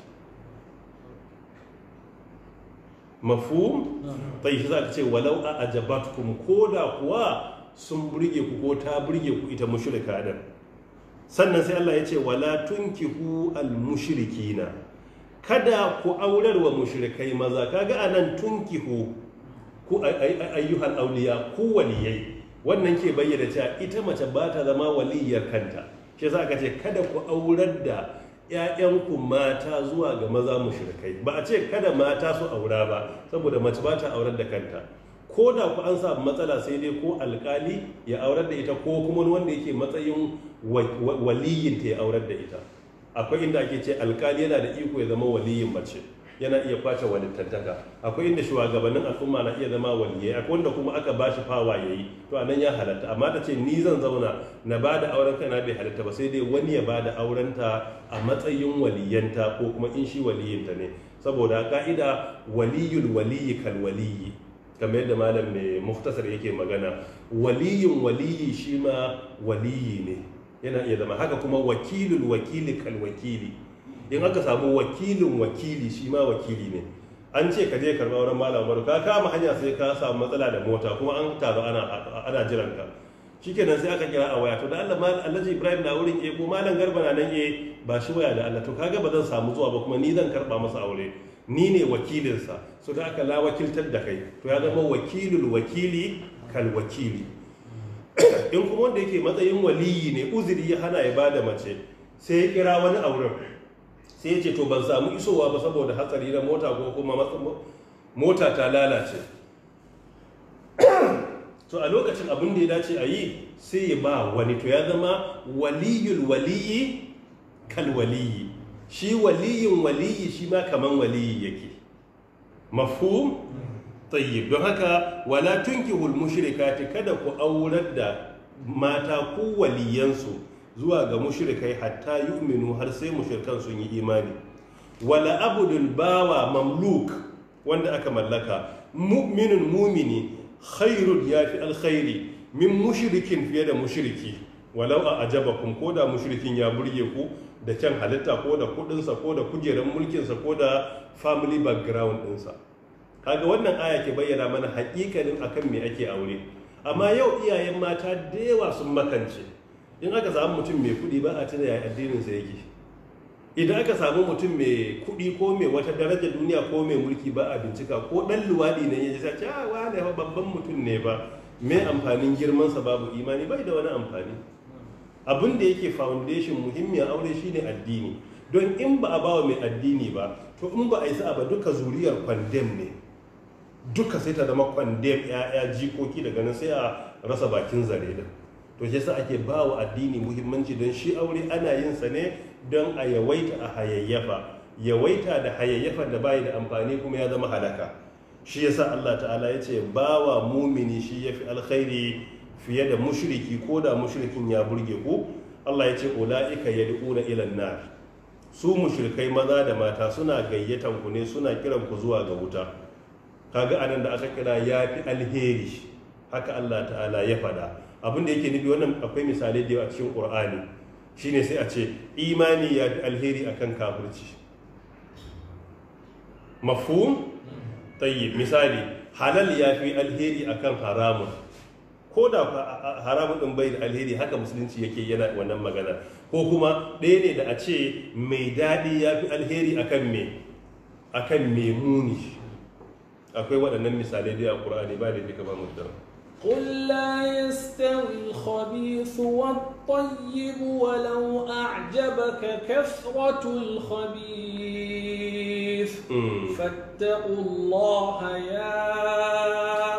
mafhum ta yi za ce walau a ajabatkum da kuwa sun burge ku ko ta burge ku ita mushrika din sannan sai Allah ya ce wala tunkihu al mushrikina kada ku aurar wa mushrikai maza kaga anan tunkihu ku ayyuhal auliya ku waliyai wannan ke bayyana cewa ita mace ba ta zama waliyar kanta shi za ka ce kada ku aurar da ku mata zuwa ga maza mushrikai ba a ce kada mata su aura ba saboda mace ba ta aurar da kanta ko da ku an samu matsala sai dai ko alkali ya aurar da ita ko kuma wanda yake matsayin waliyinta ya aurar da ita akwai inda ake ce alkali yana da iko ya zama waliyin mace yana iya kwace tantaka akwai inda shugabannin al'umma na iya zama waliyai akwai wanda kuma aka ba shi fawa yayi to a nan ya halatta amma ta ce ni zan zauna na ba da auren na bai halatta ba sai dai wani ya ba da ta a matsayin waliyanta ko kuma in shi waliyin ta ne saboda ka'ida waliyul waliyi kal waliyi kamar yadda malam mai muftasar yake magana waliyin waliyi shi ma waliyi ne yana iya zama haka kuma wakilin wakili kal wakili in aka samu wakilin wakili shi ma wakili ne an ce ka je karba wurin malam ka kama hanya sai ka samu matsala da mota kuma an taru ana ana jiran ka shikenan sai aka kira a waya to da Allah mal Alhaji Ibrahim na wurin eh ko malam Garba na nan eh ba shi waya da Allah to kaga ba zan samu zuwa ba kuma ni zan karɓa masa aure ni ne wakilinsa so da aka la wakiltar da kai to ya zama wakilul wakili kal wakili in kuma wanda yake matsayin waliyi ne uziri ya hana ya bada mace sai ya kira wani auren sai ya ce to ban samu isowa ba saboda hatsari na mota ko kuma mota ta lalace <clears throat> to a lokacin abin da ya dace a yi sai ya ba wani to ya zama waliyul waliyi kal waliyi shi waliyin waliyi shi ma kaman waliyi yake mafhum tayyib don haka wala tunkihul mushrikati kada ku aurar da mata ku waliyansu zuwa ga mushrikai hatta yu'minu har sai mushrikan sun yi imani wala abudul bawa mamluk wanda aka mallaka mu'minun mumini khairun yafi alkhairi min mushrikin fiye da mushriki walau a ajabakum ko da mushrikin ya burge ku da can halitta ko da kudinsa ko da kujerar mulkinsa ko da family background ɗinsa. kaga wannan aya ke bayyana mana hakikanin akan me ake aure amma yau iyayen mata da yawa sun makance in aka samu mutum mai kuɗi ba a tuna ya addinin sa yake idan aka samu mutum mai kuɗi ko mai wata daraja duniya ko mai mulki ba a bincika ko ɗan luwaɗi ne ya ji a ah, wane babban mutum ne ba mai amfanin girmansa babu imani bai da wani amfani abin da yake foundation muhimmiyar aure shine addini don in ba a bawa mai addini ba to in ba a yi sa'a ba duka zuriyar kwandem ne duka sai ta zama kwandem ya'ya jikoki daga nan sai a rasa bakin zare da to shi yasa ake ba wa addini muhimmanci don shi aure ana yin sa ne don a yawaita a hayayyafa yawaita da hayayyafa da bayi da amfani kuma ya zama halaka shi yasa Allah ta'ala ya ce ba wa mumini shi ya fi alkhairi fiye da mushriki ko da mushrikin ya burge ku Allah ya ce ula'ika yad'una ila nar su mushrikai maza da mata suna gayyatan ku ne suna kiran ku zuwa ga wuta kaga anan da aka kira ya fi alheri haka Allah ta'ala ya fada abin da yake nufi wannan akwai misalai da yawa a cikin ƙur'ani shine sai a ce imani ya fi alheri akan kafirci mafhum tayyib misali halal ya fi alheri akan haramun ko da haramun din bai da alheri haka musulunci yake yana wannan magana ko kuma ɗaya ne da a ce mai daɗi ya fi alheri akan me akan mai muni akwai waɗannan misalai da a ƙur'ani ba da fika ba mu da قل لا يستوي الخبيث والطيب ولو أعجبك كثرة الخبيث فاتقوا الله يا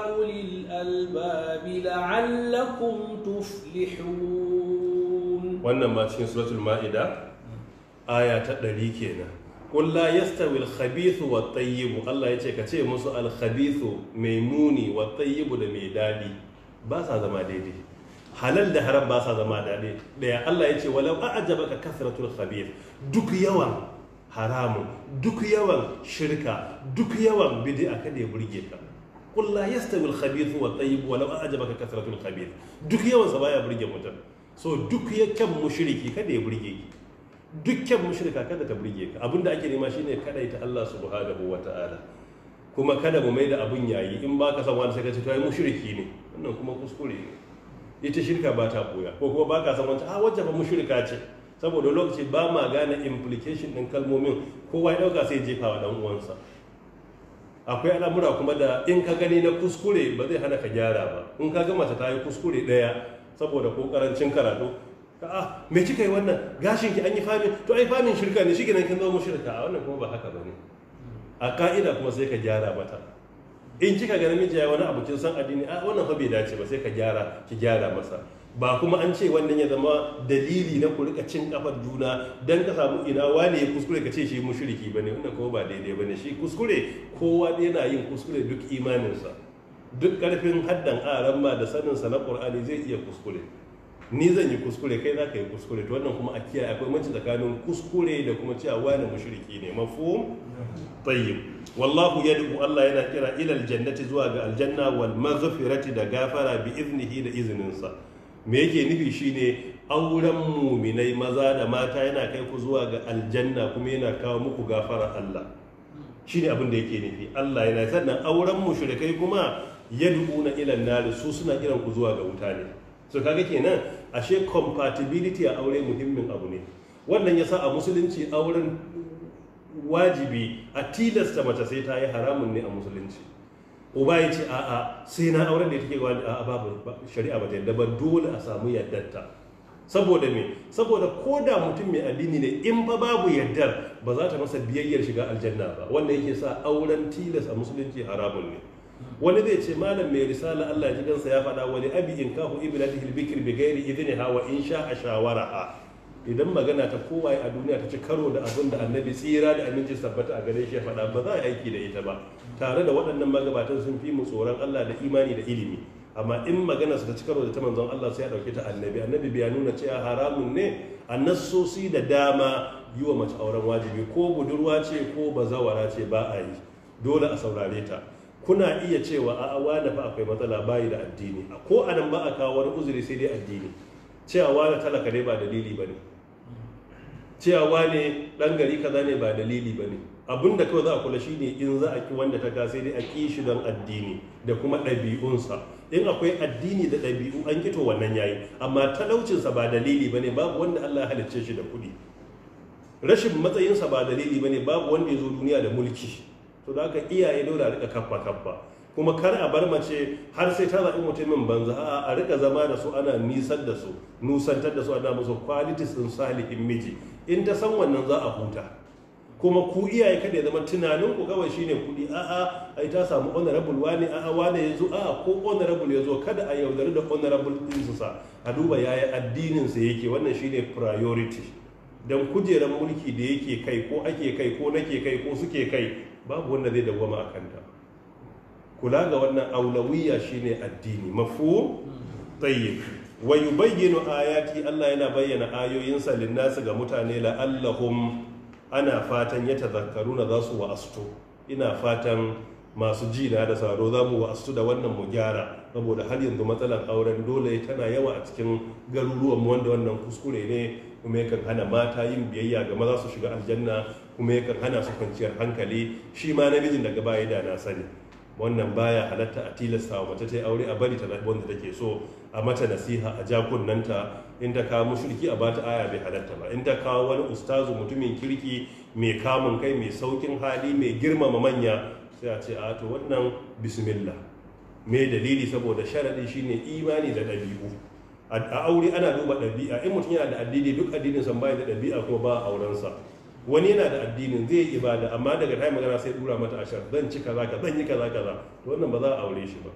أولي الألباب لعلكم تفلحون وأنما في سورة المائدة آية تدري كينا kulla yastawil khabithu wa tayyibu Allah ya ka ce musu al mai muni wa tayyibu da mai daɗi. ba sa zama daidai halal da haram ba sa zama daidai daya Allah ya ce walau a'jabaka kasratul khabith duk yawan haramun duk yawan shirka duk yawan bid'a kada burge ka kulla yastawil khabithu wa tayyibu walau a'jabaka kasratul khabith duk yawan baya burge mutum so duk yakan mushriki kada burge dukkan mushrika kada ta burge ka da ake nema shine ta Allah subhanahu wata'ala kuma kada mu maida abun yayi in ba ka san wani sai ka ce to ai mushriki ne wannan kuma kuskure ne ita shirka ba ta boya ko kuma ba ka san wani a ah, wacce ba mushrika ce saboda lokaci ba ma gane implication din kalmomin kowa ya dauka sai jefa wa dan uwansa akwai al'amura kuma da in ka gani na kuskure ba zai hana ka gyara ba in ka ga mace ta yi kuskure daya saboda ko karancin karatu a ah, me kika yi wannan gashin ki an yi famin to ai famin shirka ne shiginan kin mu shirka a wannan kuma ba haka bane hmm. a ka'ida kuma sai ka gyara mata in kika ga namiji ya wani abu kin san addini a ah, wannan fa bai dace ba sai ka gyara ki gyara masa ba kuma an ce wannan ya zama dalili na ku rika cin kafar juna dan ka samu ina wane ya kuskure ka ce shi mushriki bane wannan kuma ba daidai bane shi kuskure kowa yana yin kuskure duk imaninsa duk karfin haddan aran ma da saninsa na qur'ani zai iya kuskure ni zan yi kuskure kai za ka yi kuskure to wannan kuma a kiyaye akwai manci tsakanin kuskure da kuma cewa wani mushriki ne mafhum tayyib wallahu yad'u Allah yana kira ila jannati zuwa ga aljanna wal maghfirati da gafara bi iznihi da izininsa me yake nufi shine auren muminai maza da mata yana kai ku zuwa ga aljanna kuma yana kawo muku gafara Allah shine abin da yake nufi Allah yana sannan auren mu mushrikai kuma yad'una na an nari su suna kiran ku zuwa ga wuta ne so kaga kenan ashe compatibility a aure muhimmin abu ne wannan ya sa a musulunci auren wajibi a tilasta mace sai ta yi haramun ne a musulunci uba ya ce a'a sai na auren da take a babu shari'a ba ta yadda ba dole a samu yaddarta saboda me saboda ko da mutum mai addini ne in ba babu yaddar ba za ta masa biyayyar shiga aljanna ba wannan yake sa auren tilas a musulunci haramun ne wani zai ce malam mai risala Allah ji gansa ya faɗa wani abi in kahu ibnati hilbikir bi gairi idni hawa in sha a shawara a idan magana ta kowa a duniya ta ci karo da abin da annabi tsira da aminci sabbata a gare shi ya faɗa ba za a aiki da ita ba tare da waɗannan magabatan sun fi mu tsoron Allah da imani da ilimi amma in magana su ta ci karo da ta manzon Allah sai ya dauke ta annabi annabi bai nuna cewa haramun ne a da dama yi wa mace auren wajibi ko budurwa ce ko bazawara ce ba a yi dole a saurare ta kuna iya cewa a wani fa akwai matsala bayi da addini a ko anan ba a kawo wani uzuri sai dai addini cewa wani talaka ne ba dalili ba ne cewa ne ɗan gari kaza ne ba dalili ba ne abin da kawai za a kula shi ne in za a ki wanda ta sai dai a ki shi don addini da kuma ɗabi'unsa in akwai addini da ɗabi'u an kito wannan yayi amma talaucinsa ba dalili ba ne babu wanda Allah ya halicce shi da kuɗi rashin matsayinsa ba dalili ba babu wanda ya zo duniya da mulki to da haka iyaye dole a rika kaffa kaffa kuma kar a bar mace har sai ta zaɓi mutumin banza a rika zama da su ana nisan da su nusantar da su ana musu qualities din salihin miji in ta san wannan za a huta kuma ku iyaye kada ya zama tunanin ku kawai shine kuɗi a'a ai ta samu honorable wani a'a wani yazo a ko honorable yazo kada a yaudari da honorable din su sa a duba yaya addinin sa yake wannan shine priority dan kujerar mulki da yake kai ko ake kai ko nake kai ko suke kai babu wanda zai dawwama a kanta kula ga wannan aulawiya shine addini mafu tayyib wa yubayyinu ayati Allah yana bayyana ayoyinsa linnasi ga mutane la'allahum ana fatan ya na za su wa'astu ina fatan masu jina da saro za mu astu da wannan mu gyara saboda har yanzu matsalar auren dole tana yawa a cikin garuruwan wanda wannan kuskure ne kuma yakan hana mata yin biyayya ga maza su shiga aljanna kuma yakan hana su kwanciyar hankali shi ma namijin daga baya da na sani wannan baya halatta a tilasta wa mace ta aure a bari ta wanda take so a mata nasiha a jakunnanta in ta kawo mushriki a bata aya bai halatta ba in ta kawo wani ustazu mutumin kirki mai kamun kai mai saukin hali mai girmama manya sai a ce a to wannan bismillah me dalili saboda sharadi shine imani da ɗabi'u a aure ana duba ɗabi'a in mutum yana da addini duk addinin san bai da ɗabi'a kuma ba aurensa wani yana da addinin zai yi ibada amma daga ta magana sai dura mata ashar zan ci kaza ka zan yi kaza kaza to wannan ba za a aure shi ba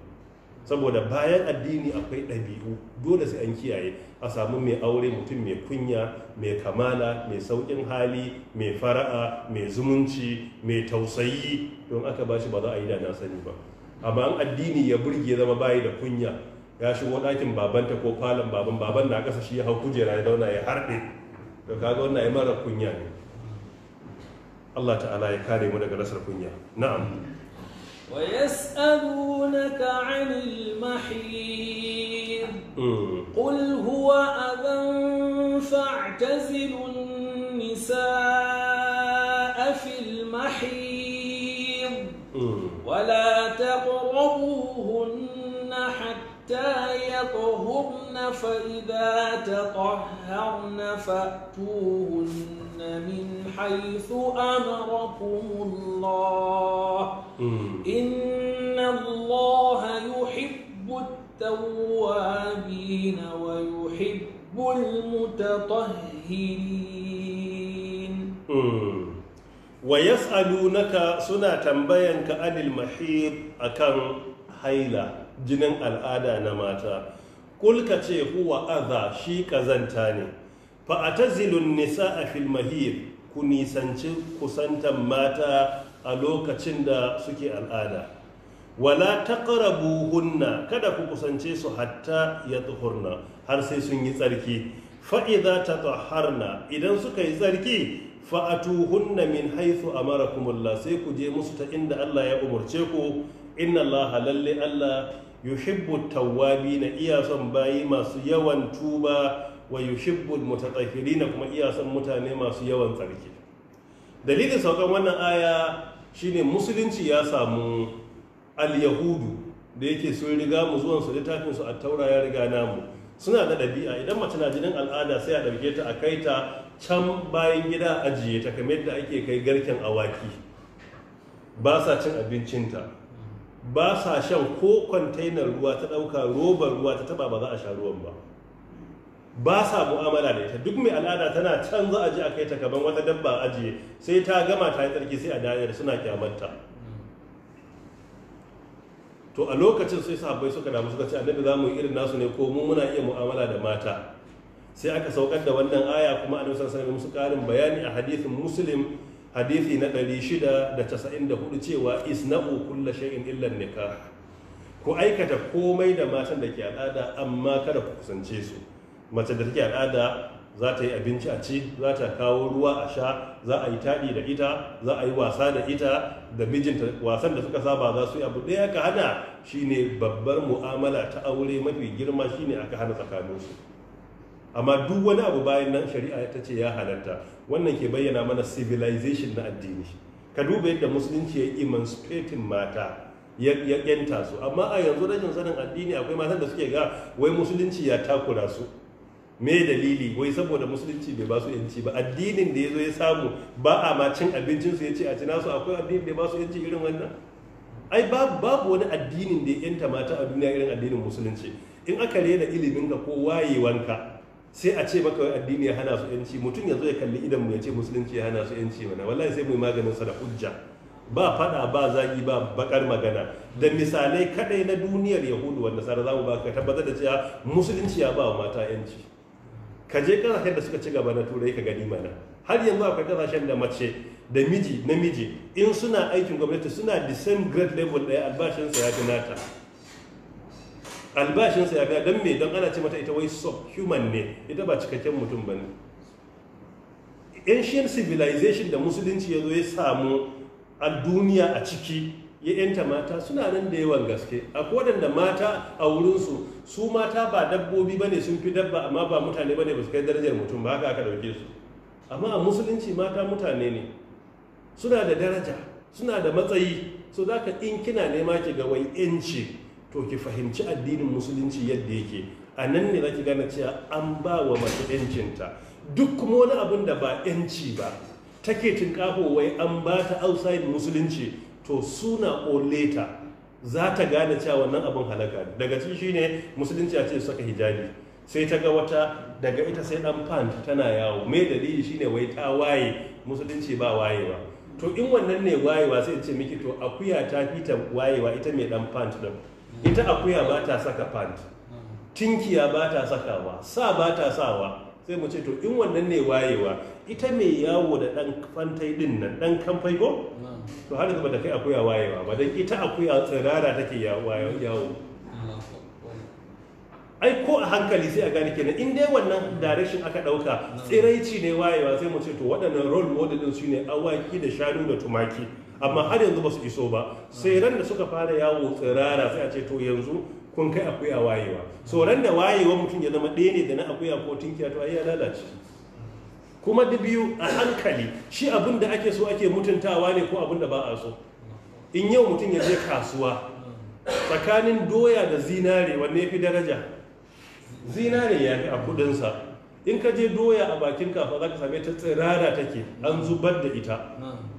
saboda bayan addini akwai ɗabi'u dole sai an kiyaye a samu mai aure mutum mai kunya mai kamala mai saukin hali mai fara'a mai zumunci mai tausayi don aka bashi ba za a yi da na sani ba amma an addini ya burge zama bayi da kunya ya shigo ɗakin babanta ko falon baban baban na ƙasa shi ya hau kujera ya zauna ya harɗe to kaga wannan ya mara kunya ne الله تعالى يكرمه لك رسل كنيا نعم ويسألونك عن المحيض قل هو أذى فاعتزلوا النساء في المحيض ولا تقربوهن حتى يطهرن فإذا تطهرن فأتوهن من حيث أمركم الله إن الله يحب التوابين ويحب المتطهرين ويسألونك سنة تنبينك عن المحيط أكن هيلة جنن الآدى نماتا قل كتي هو أذى شي كزنتاني fa a atazilun nisa a mahir ku nisanci kusantan mata a lokacin da suke al'ada wala hunna kada ku kusance su hatta ya tuhurna har sai sun yi tsarki fa'iza ta tsaharna idan suka yi tsarki fa'atu hunna min a mara kumulla sai ku je musu ta inda Allah ya umurce ku inna Allah lalle Allah yuhibbu na iya son bayi masu yawan tuba wa yuhibbul mutatahhirina kuma iya son mutane masu yawan tsarki dalilin saukan wannan aya shine musulunci ya samu al-yahudu da yake sun riga mu zuwan su littafin su at-taura ya riga namu suna da ɗabi'a idan mace na jinin al'ada sai a ɗauke ta a kai ta can bayan gida ajiye ta kamar yadda ake kai garken awaki ba sa cin abincinta ba sa shan ko kwantainar ruwa ta ɗauka robar ruwa ta taba ba za a sha ruwan ba ba sa mu'amala da ita duk mai al'ada tana can za a ji a kai ta gaban wata dabba a ajiye sai ta gama ta yi tsarki sai a dayar suna kyamanta to a lokacin sai sahabbai suka damu suka ce annabi za mu yi irin nasu ne ko mu muna iya mu'amala da mata sai aka saukar da wannan aya kuma annabi sallallahu alaihi musu karin bayani a hadithin muslim hadithi na 694 cewa isna'u kullu shay'in illa nikah ku aikata komai da matan da ke al'ada amma kada ku kusance su mace da take al'ada za ta yi abinci a ci za ta kawo ruwa a sha za a yi taɗi da ita za a yi wasa da ita da mijinta wasan da suka saba za su yi abu ɗaya ka hana shine babbar mu'amala ta aure mafi girma shine aka hana tsakaninsu amma duk wani abu bayan nan shari'a ta ce ya halatta wannan ke bayyana mana civilization na addini ka duba yadda musulunci ya emancipating mata ya yanta su amma a yanzu rashin sanin addini akwai matan da suke ga wai musulunci ya takura su me dalili wai saboda musulunci bai ba su yanci ba addinin da ya zo ya samu ba a ma cin abincinsu ya ce a cina su akwai addinin da ba su yanci irin wannan ai babu wani addinin da ya yanta mata a duniya irin addinin musulunci in aka rena iliminka ko wayewanka sai a ce maka addini ya hana su yanci mutum ya zo ya kalli idan mu ya ce musulunci ya hana su yanci mana wallahi sai mu yi maganin sa da hujja ba fada ba zagi ba bakar magana da misalai kadai na duniyar yahudu wanda sara za mu baka tabbatar da cewa musulunci ya ba wa mata yanci ka je kasashen da suka ci gaba na turai ka gani mana har yanzu akwai kasashen da mace da miji namiji in suna aikin gwamnati suna the same grade level ɗaya albashinsa ya fi nata albashinsa ya fi don me don ana ce mata ita wai human ne ita ba cikakken mutum ba ne ancient civilization da musulunci ya zo ya samu a duniya a ciki ya yanta mata suna nan da yawan gaske a waɗanda mata a wurinsu su mata ba dabbobi bane sun fi dabba amma ba mutane bane ba su kai darajar mutum ba haka aka ɗauke su amma a musulunci mata mutane ne suna da daraja suna da matsayi so za ka in kina nema ki ga wai yanci to ki fahimci addinin musulunci yadda yake a nan ne za ki gane cewa an ba wa mace yancinta duk kuma wani abin da ba yanci ba take tinkaho wai an ba ta outside musulunci to suna oleta za ta gane cewa wannan abin halaka ne daga cikin shine musulunci a ce saka hijabi sai ta ga wata daga ita sai dan pant tana yawo me dalili shine wai ta waye musulunci ba wayewa to in wannan ne wayewa sai ce miki to akuya ta fita wayewa ita mai dan pant din ita akuya ba ta saka pant tinkiya ba ta sakawa sa ba ta sawa sai mu ce to in wannan ne wayewa ita mai yawo da dan fantai din nan dan kamfai ko to har yanzu ba ta kai akuya wayewa ba don ita akuya tsirara take yawo ai ko a hankali sai a gane kenan in dai wannan direction aka dauka tsiraici ne wayewa sai mu ce to waɗannan role model din su ne awaki da shanu da tumaki amma har yanzu ba su iso ba sai ran da suka fara yawo tsirara sai a ce to yanzu kun kai akuya wayewa so ran da wayewa mutum ya zama ɗaya ne da na akuya ko tinkiya to ai ya lalace kuma da biyu a hankali shi abin da ake so ake mutuntawa ne ko abin da ba a so in yau mutum ya je kasuwa tsakanin doya da zinare wanne ya fi daraja zinare ya fi a kudinsa in ka je doya a bakin kafa za ka same ta tsirara take an zubar da ita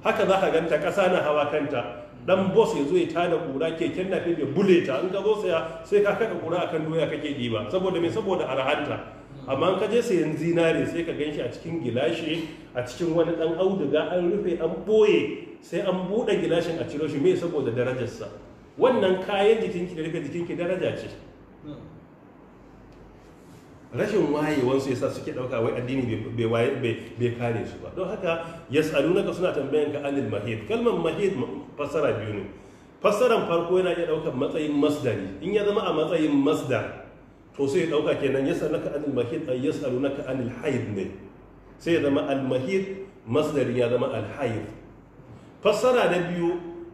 haka za ka ganta ƙasa na hawa kanta dan bos ya zo ya tada kura keken na fi bule ta in ka zo saya sai ka kaka kura akan doya kake ɗiba saboda me saboda arahanta amma ka je sayan zinare sai ka ganshi a cikin gilashi a cikin wani dan auduga an rufe an boye sai an buɗe gilashin a ciro shi me saboda darajarsa wannan kayan jikinki da rufe jikinki daraja ce rashin su yasa suke ɗauka wai addini bai kare su ba don haka ya naka suna tambayan ka anil mahid kalmar mahid fasara biyu ne fasaran farko yana iya ɗaukar matsayin masdari in ya zama a matsayin masdar to sai ya dauka kenan yasalaka anil mahid ay naka anil haid ne sai ya zama al mahid masdar ya zama al haid fassara na biyu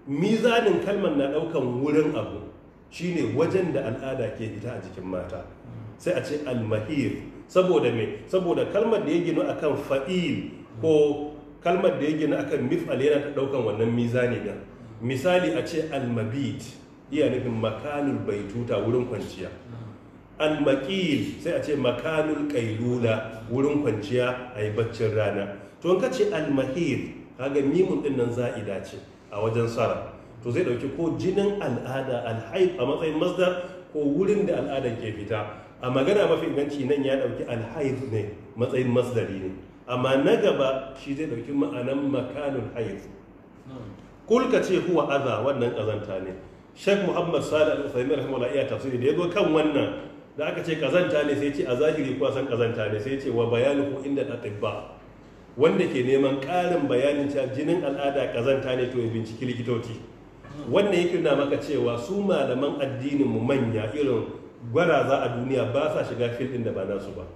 mizanin kalmar na daukan wurin abu shine wajen da al'ada ke fita a jikin mata sai a ce al mahid saboda me saboda kalmar da ya ginu akan fa'il ko kalmar da ya gina akan mif'al yana ta daukan wannan mizani din misali a ce al mabit iya nufin makanul baituta wurin kwanciya almakil sai a ce makanul kailula wurin kwanciya a yi baccin rana to in ka ce almahir kaga mimun din nan za'ida ce a wajen sara to zai dauki ko jinin al'ada alhaid a matsayin masdar ko wurin da al'adar ke fita a magana mafi inganci nan ya dauki alhaid ne matsayin masdari ne amma na gaba shi zai dauki ma'anan makanul haid kulka ce huwa aza wannan kazanta ne Sheikh Muhammad Salih Al-Uthaymeen rahimahullah iya tafsiri da yazo kan wannan da aka ce kazanta ne sai ce a zahiri kuwa san kazanta ne sai ce wa ko inda atibba wanda ke neman ƙarin bayanin cewa jinin al'ada kazanta ne to ya binciki likitoci wannan yake nuna maka cewa su malaman addinin mu manya irin gwaraza a duniya ba sa shiga filin da ba nasu ba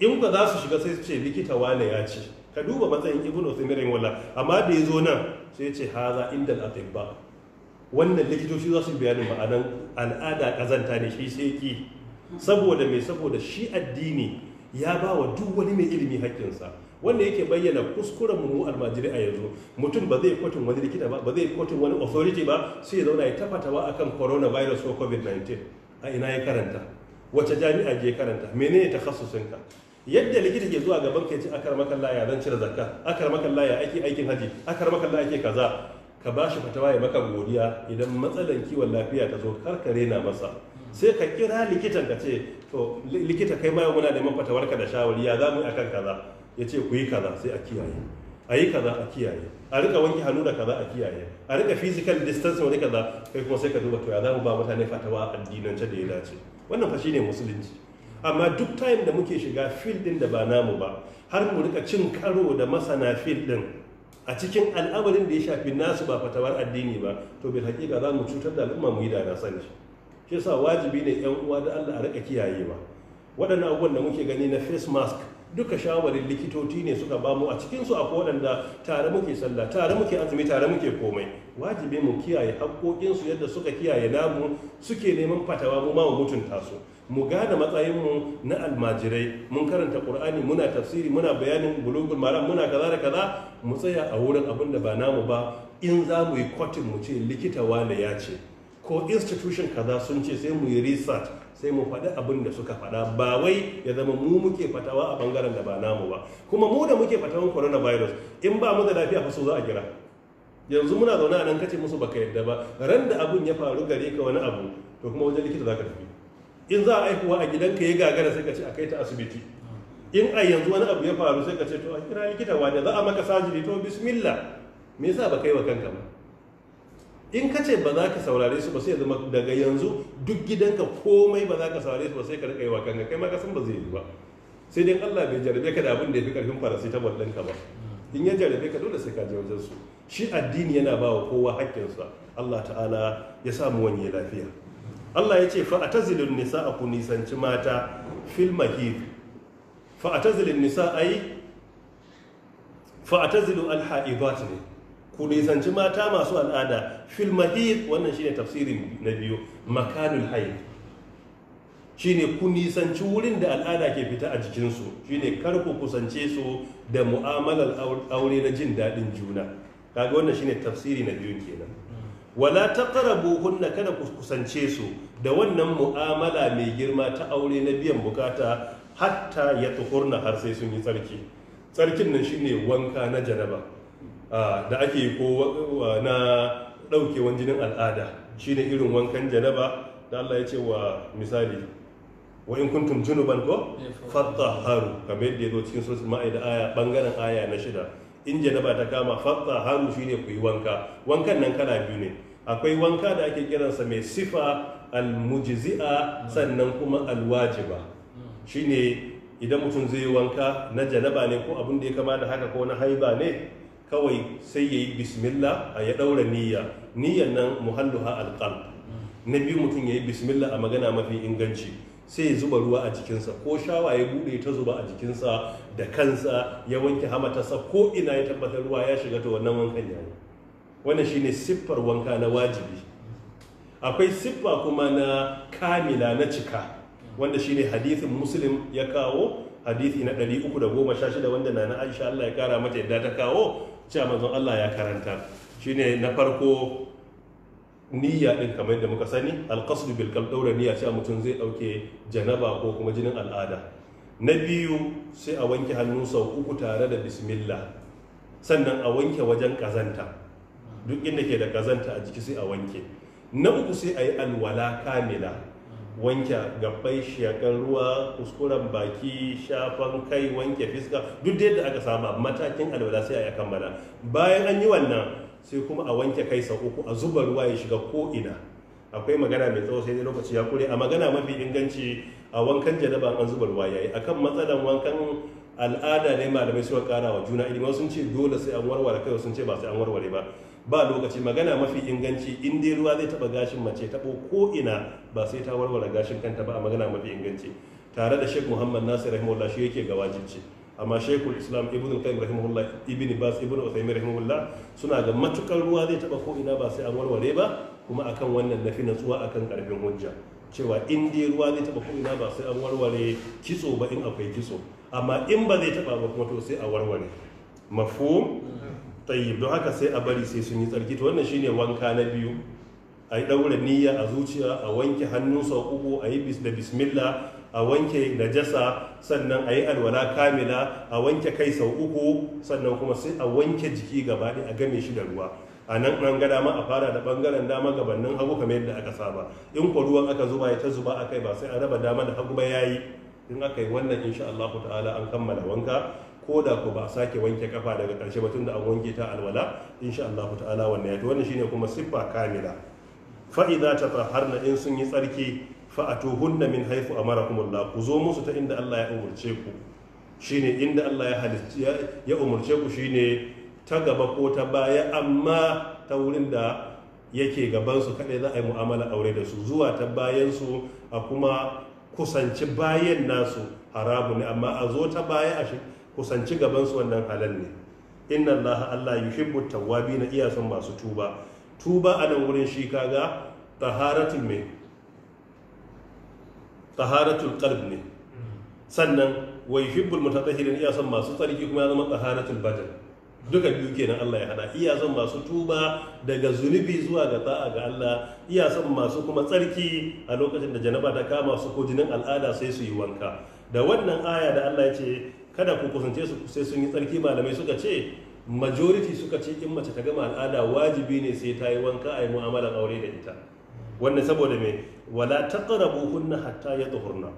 in ba za su shiga sai su ce likita wane ya ce ka duba matsayin ibn usaimin wala amma da ya zo nan sai ce haza inda al'atibba wannan likitoci za su bayanin ma'anan al'ada kazanta ne shi sai ki saboda mai saboda shi addini ya ba wa duk wani mai ilimi haƙƙinsa wanda yake bayyana kuskuren mu almajiri a yanzu mutum ba zai kotun wani likita ba ba zai kotun wani authority ba sai ya zauna ya tafatawa akan coronavirus ko covid-19 a ina ya karanta wace jami'a je karanta menene ka yadda likita ke zuwa gaban ka ya ce akar ya zan cire zakka akar makalla ya ake aikin haji akar ake kaza ka ba shi fatawa ya maka godiya idan matsalan kiwon lafiya ta zo karkare na masa sai ka kira likitan ka ce to likita kai ma muna neman fatawarka da shawari ya zamu akan kaza ya ce ku yi kaza sai a kiyaye a yi kaza a kiyaye a rika wanke hannu da kaza a kiyaye a rika physical distance wani kaza kai kuma sai ka duba to ya zamu ba mutane fatawa addinance da ya dace wannan fa shine musulunci amma duk time da muke shiga fil din da ba namu ba har mu rika cin karo da masana fil din a cikin al'amarin da ya shafi nasu ba fatawar addini ba to bil hakika za mu cutar da al'umma mu yi da na shi yasa wajibi ne yan uwa da Allah a rika kiyayewa waɗannan abubuwan da muke gani na face mask duka shawarin likitoci ne suka ba mu? a cikin su akwai waɗanda tare muke sallah tare muke azumi tare muke komai wajibi mu kiyaye haƙoƙin su yadda suka kiyaye namu suke neman fatawa mu ma mu mutunta su mu gane matsayin mu na almajirai mun karanta qur'ani muna tafsiri muna bayanin bulugul maram muna kaza da kaza mu tsaya a wurin abinda ba namu ba in za mu yi kwatin mu ce likita wane ya ce ko institution kaza sun ce sai mu yi research sai mu faɗi abin da suka faɗa ba wai ya zama mu muke fatawa a bangaren da ba namu ba kuma mu da muke fatawan coronavirus in ba mu da lafiya fa so za a kira yanzu muna zaune a nan kace musu baka yadda ba ran da abun ya faru gare ka wani abu to kuma wajen likita zaka tafi in za a aihuwa a gidanka ya gagara sai ka ce a kai ta asibiti in a yanzu wani abu ya faru sai ka ce to a kira likita wa da za a maka sajiri to bismillah me yasa ba kai wa kanka ba in ka ce ba za ka saurare su ba sai zama daga yanzu duk gidanka komai ba za ka saurare su ba sai ka rika yi wa kanka kai ma ka san ba zai yi ba sai dai Allah bai jarabe ka da abin da ya fi karfin paracetamol ɗinka ba in ya jarabe ka dole sai ka je wajen su shi addini yana ba wa kowa haƙƙinsa Allah ta'ala ya sa mu wani lafiya Allah ya ce fa atazilun nisa a ku nisanci mata fil mahid fa atazilun nisa ai fa atazilun alha'idat ne ku nisanci mata masu al'ada fil mahid wannan shine tafsirin na biyu makanul Shi shine ku nisanci wurin da al'ada ke fita a jikinsu shine kar ku kusance su da mu'amalar aure na jin daɗin juna kaga wannan shine tafsiri na biyu kenan wala buhunna kada ku kusance su da wannan mu'amala mai girma ta aure na biyan bukata hatta ya tuhurna har sai sun yi tsarki tsarkin nan shine wanka na janaba da ake ko na ɗaukewan jinin al'ada Shi ne irin wankan janaba da Allah ya ce wa misali wa in kuntum junuban ko haru. kamar yadda ya zo cikin suratul da aya bangaren aya na shida in janaba ta kama haru shine ku yi wanka wankan nan kala biyu ne akwai wanka da ake kiransa mai sifa almujizi'a sannan kuma alwajiba shine idan mutum zai yi wanka na janaba ne ko abin da ya kama da haka ko na haiba ne kawai sai ya yi bismillah a ya ɗaura niyya niyyan nan muhalluha alƙal na biyu mutum ya yi bismillah a magana mafi inganci sai ya zuba ruwa a jikinsa ko shawa ya buɗe ta zuba a jikinsa da kansa ya wanke hamatarsa ko ina ya tabbatar ruwa ya shiga ta wannan wankan ya wannan shine siffar wanka na wajibi akwai siffa kuma na kamila na cika wanda shine hadisin muslim ya kawo hadisi na 316 wanda na Aisha Allah ya kara mata yadda ta kawo cewa manzon Allah ya karanta shine na farko niyya din kamar da muka sani alqasd bil qalb daura niyya cewa mutum zai dauke janaba ko kuma jinin al'ada na biyu sai a wanke hannu sau uku tare da bismillah sannan a wanke wajen kazanta duk inda ke da kazanta a jiki sai a wanke na uku sai a yi alwala kamila wanke gabbai shakar ruwa kuskuren baki shafan kai wanke fiska duk da yadda aka samu matakin alwala sai a yi kammala bayan an yi wannan sai kuma a wanke kai sau uku a zuba ruwa ya shiga ko ina akwai magana mai tsawo sai dai lokaci ya kure a magana mafi inganci a wankan janaba an zuba ruwa yayi akan matsalan wankan al'ada ne malamai suka kara juna ilimi sun ce dole sai an warware kai sun ce ba sai an warware ba ba lokaci magana mafi inganci in dai ruwa zai taba gashin mace tabo ko ina ba sai ta warware gashin kanta ba a magana mafi inganci tare da Sheikh Muhammad Nasir rahimahullah shi yake ga wajibci amma Sheikhul Islam Ibn Qayyim rahimahullah Ibn Bas Ibn Uthaymeen rahimahullah suna ga matukar ruwa zai taba ko ina ba sai an warware ba kuma akan wannan nafi natsuwa akan karfin hujja cewa in dai ruwa zai taba ko ina ba sai an warware kitso ba in akwai kitso amma in ba zai taba ba kuma to sai a warware mafhum tayyib don haka sai a bari sai sun yi tsarki to wannan shine wanka na biyu a yi ɗaura niyya a zuciya a wanke hannu sau uku a yi da bismillah a wanke najasa sannan a yi alwala kamila a wanke kai sau uku sannan kuma sai a wanke jiki gaba a game shi da ruwa a nan an ga dama a fara da ɓangaren dama gabanin hagu kamar yadda aka saba in ko ruwan aka zuba ya ta zuba a kai ba sai a raba dama da hagu ba ya yayi in aka yi wannan insha Allah ta'ala an kammala wanka ko da ku ba sake wanke kafa daga ƙarshe ba tun da an wanke ta alwala insha Allah ta'ala wannan yato wannan shine kuma siffa kamila fa idza tatahharna in sun yi tsarki fa atuhunna min haythu amarakumullah ku zo musu ta inda Allah ya umurce ku shine inda Allah ya halicci ya umurce ku shine ta gaba ko ta baya amma ta wurin da yake gaban su kadai za a yi mu'amala aure da su zuwa ta bayan su a kuma kusanci bayan nasu harabu ne amma a zo ta baya a kusanci gabansu wannan halal ne inna allah allah yuhibbu tawwabi na iya son masu tuba tuba a nan wurin shi kaga taharatul me taharatul qalb ne sannan wa yuhibbul mutatahhirin iya son masu tsarki kuma ya zama taharatul badan duka biyu kenan Allah ya hada iya son masu tuba daga zunubi zuwa ga ta'a ga Allah iya son masu kuma tsarki a lokacin da janaba ta kama su ko jinin al'ada sai su yi wanka da wannan aya da Allah ya ce kada ku kusance su sai sun yi tsarki malamai suka ce majority suka ce in mace ta gama al'ada wajibi ne sai ta yi wanka a yi mu'amalar aure da ita wannan saboda me wala taqrabu hunna hatta ya tsohurna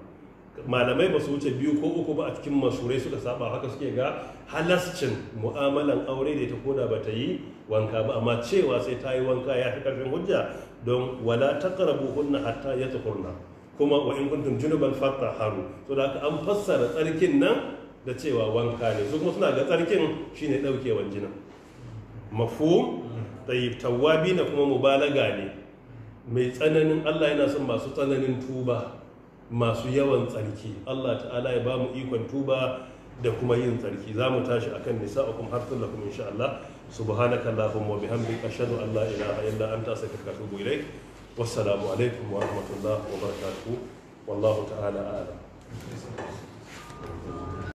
malamai ba su wuce biyu ko uku ba a cikin masurai suka saba haka suke ga halascin mu'amalan aure da ita koda ba ta yi wanka ba amma cewa sai ta yi wanka ya fi karfin hujja don wala taqrabu hunna hatta ya tsohurna kuma wa in kuntum junuban haru to da an fassara tsarkin nan da cewa wanka ne su kuma suna ga tsarkin shine ɗaukewan jinin Mafu, tayyib tawwabi na kuma mubalaga ne mai tsananin Allah yana son masu tsananin tuba masu yawan tsarki Allah ta'ala ya ba mu ikon tuba da kuma yin tsarki za mu tashi akan nisa'ukum harsun lakum insha Allah subhanaka allahumma wa bihamdika ashhadu an la ilaha illa anta astaghfiruka wa atubu ilaik wassalamu alaikum wa rahmatullahi wa barakatuh wallahu ta'ala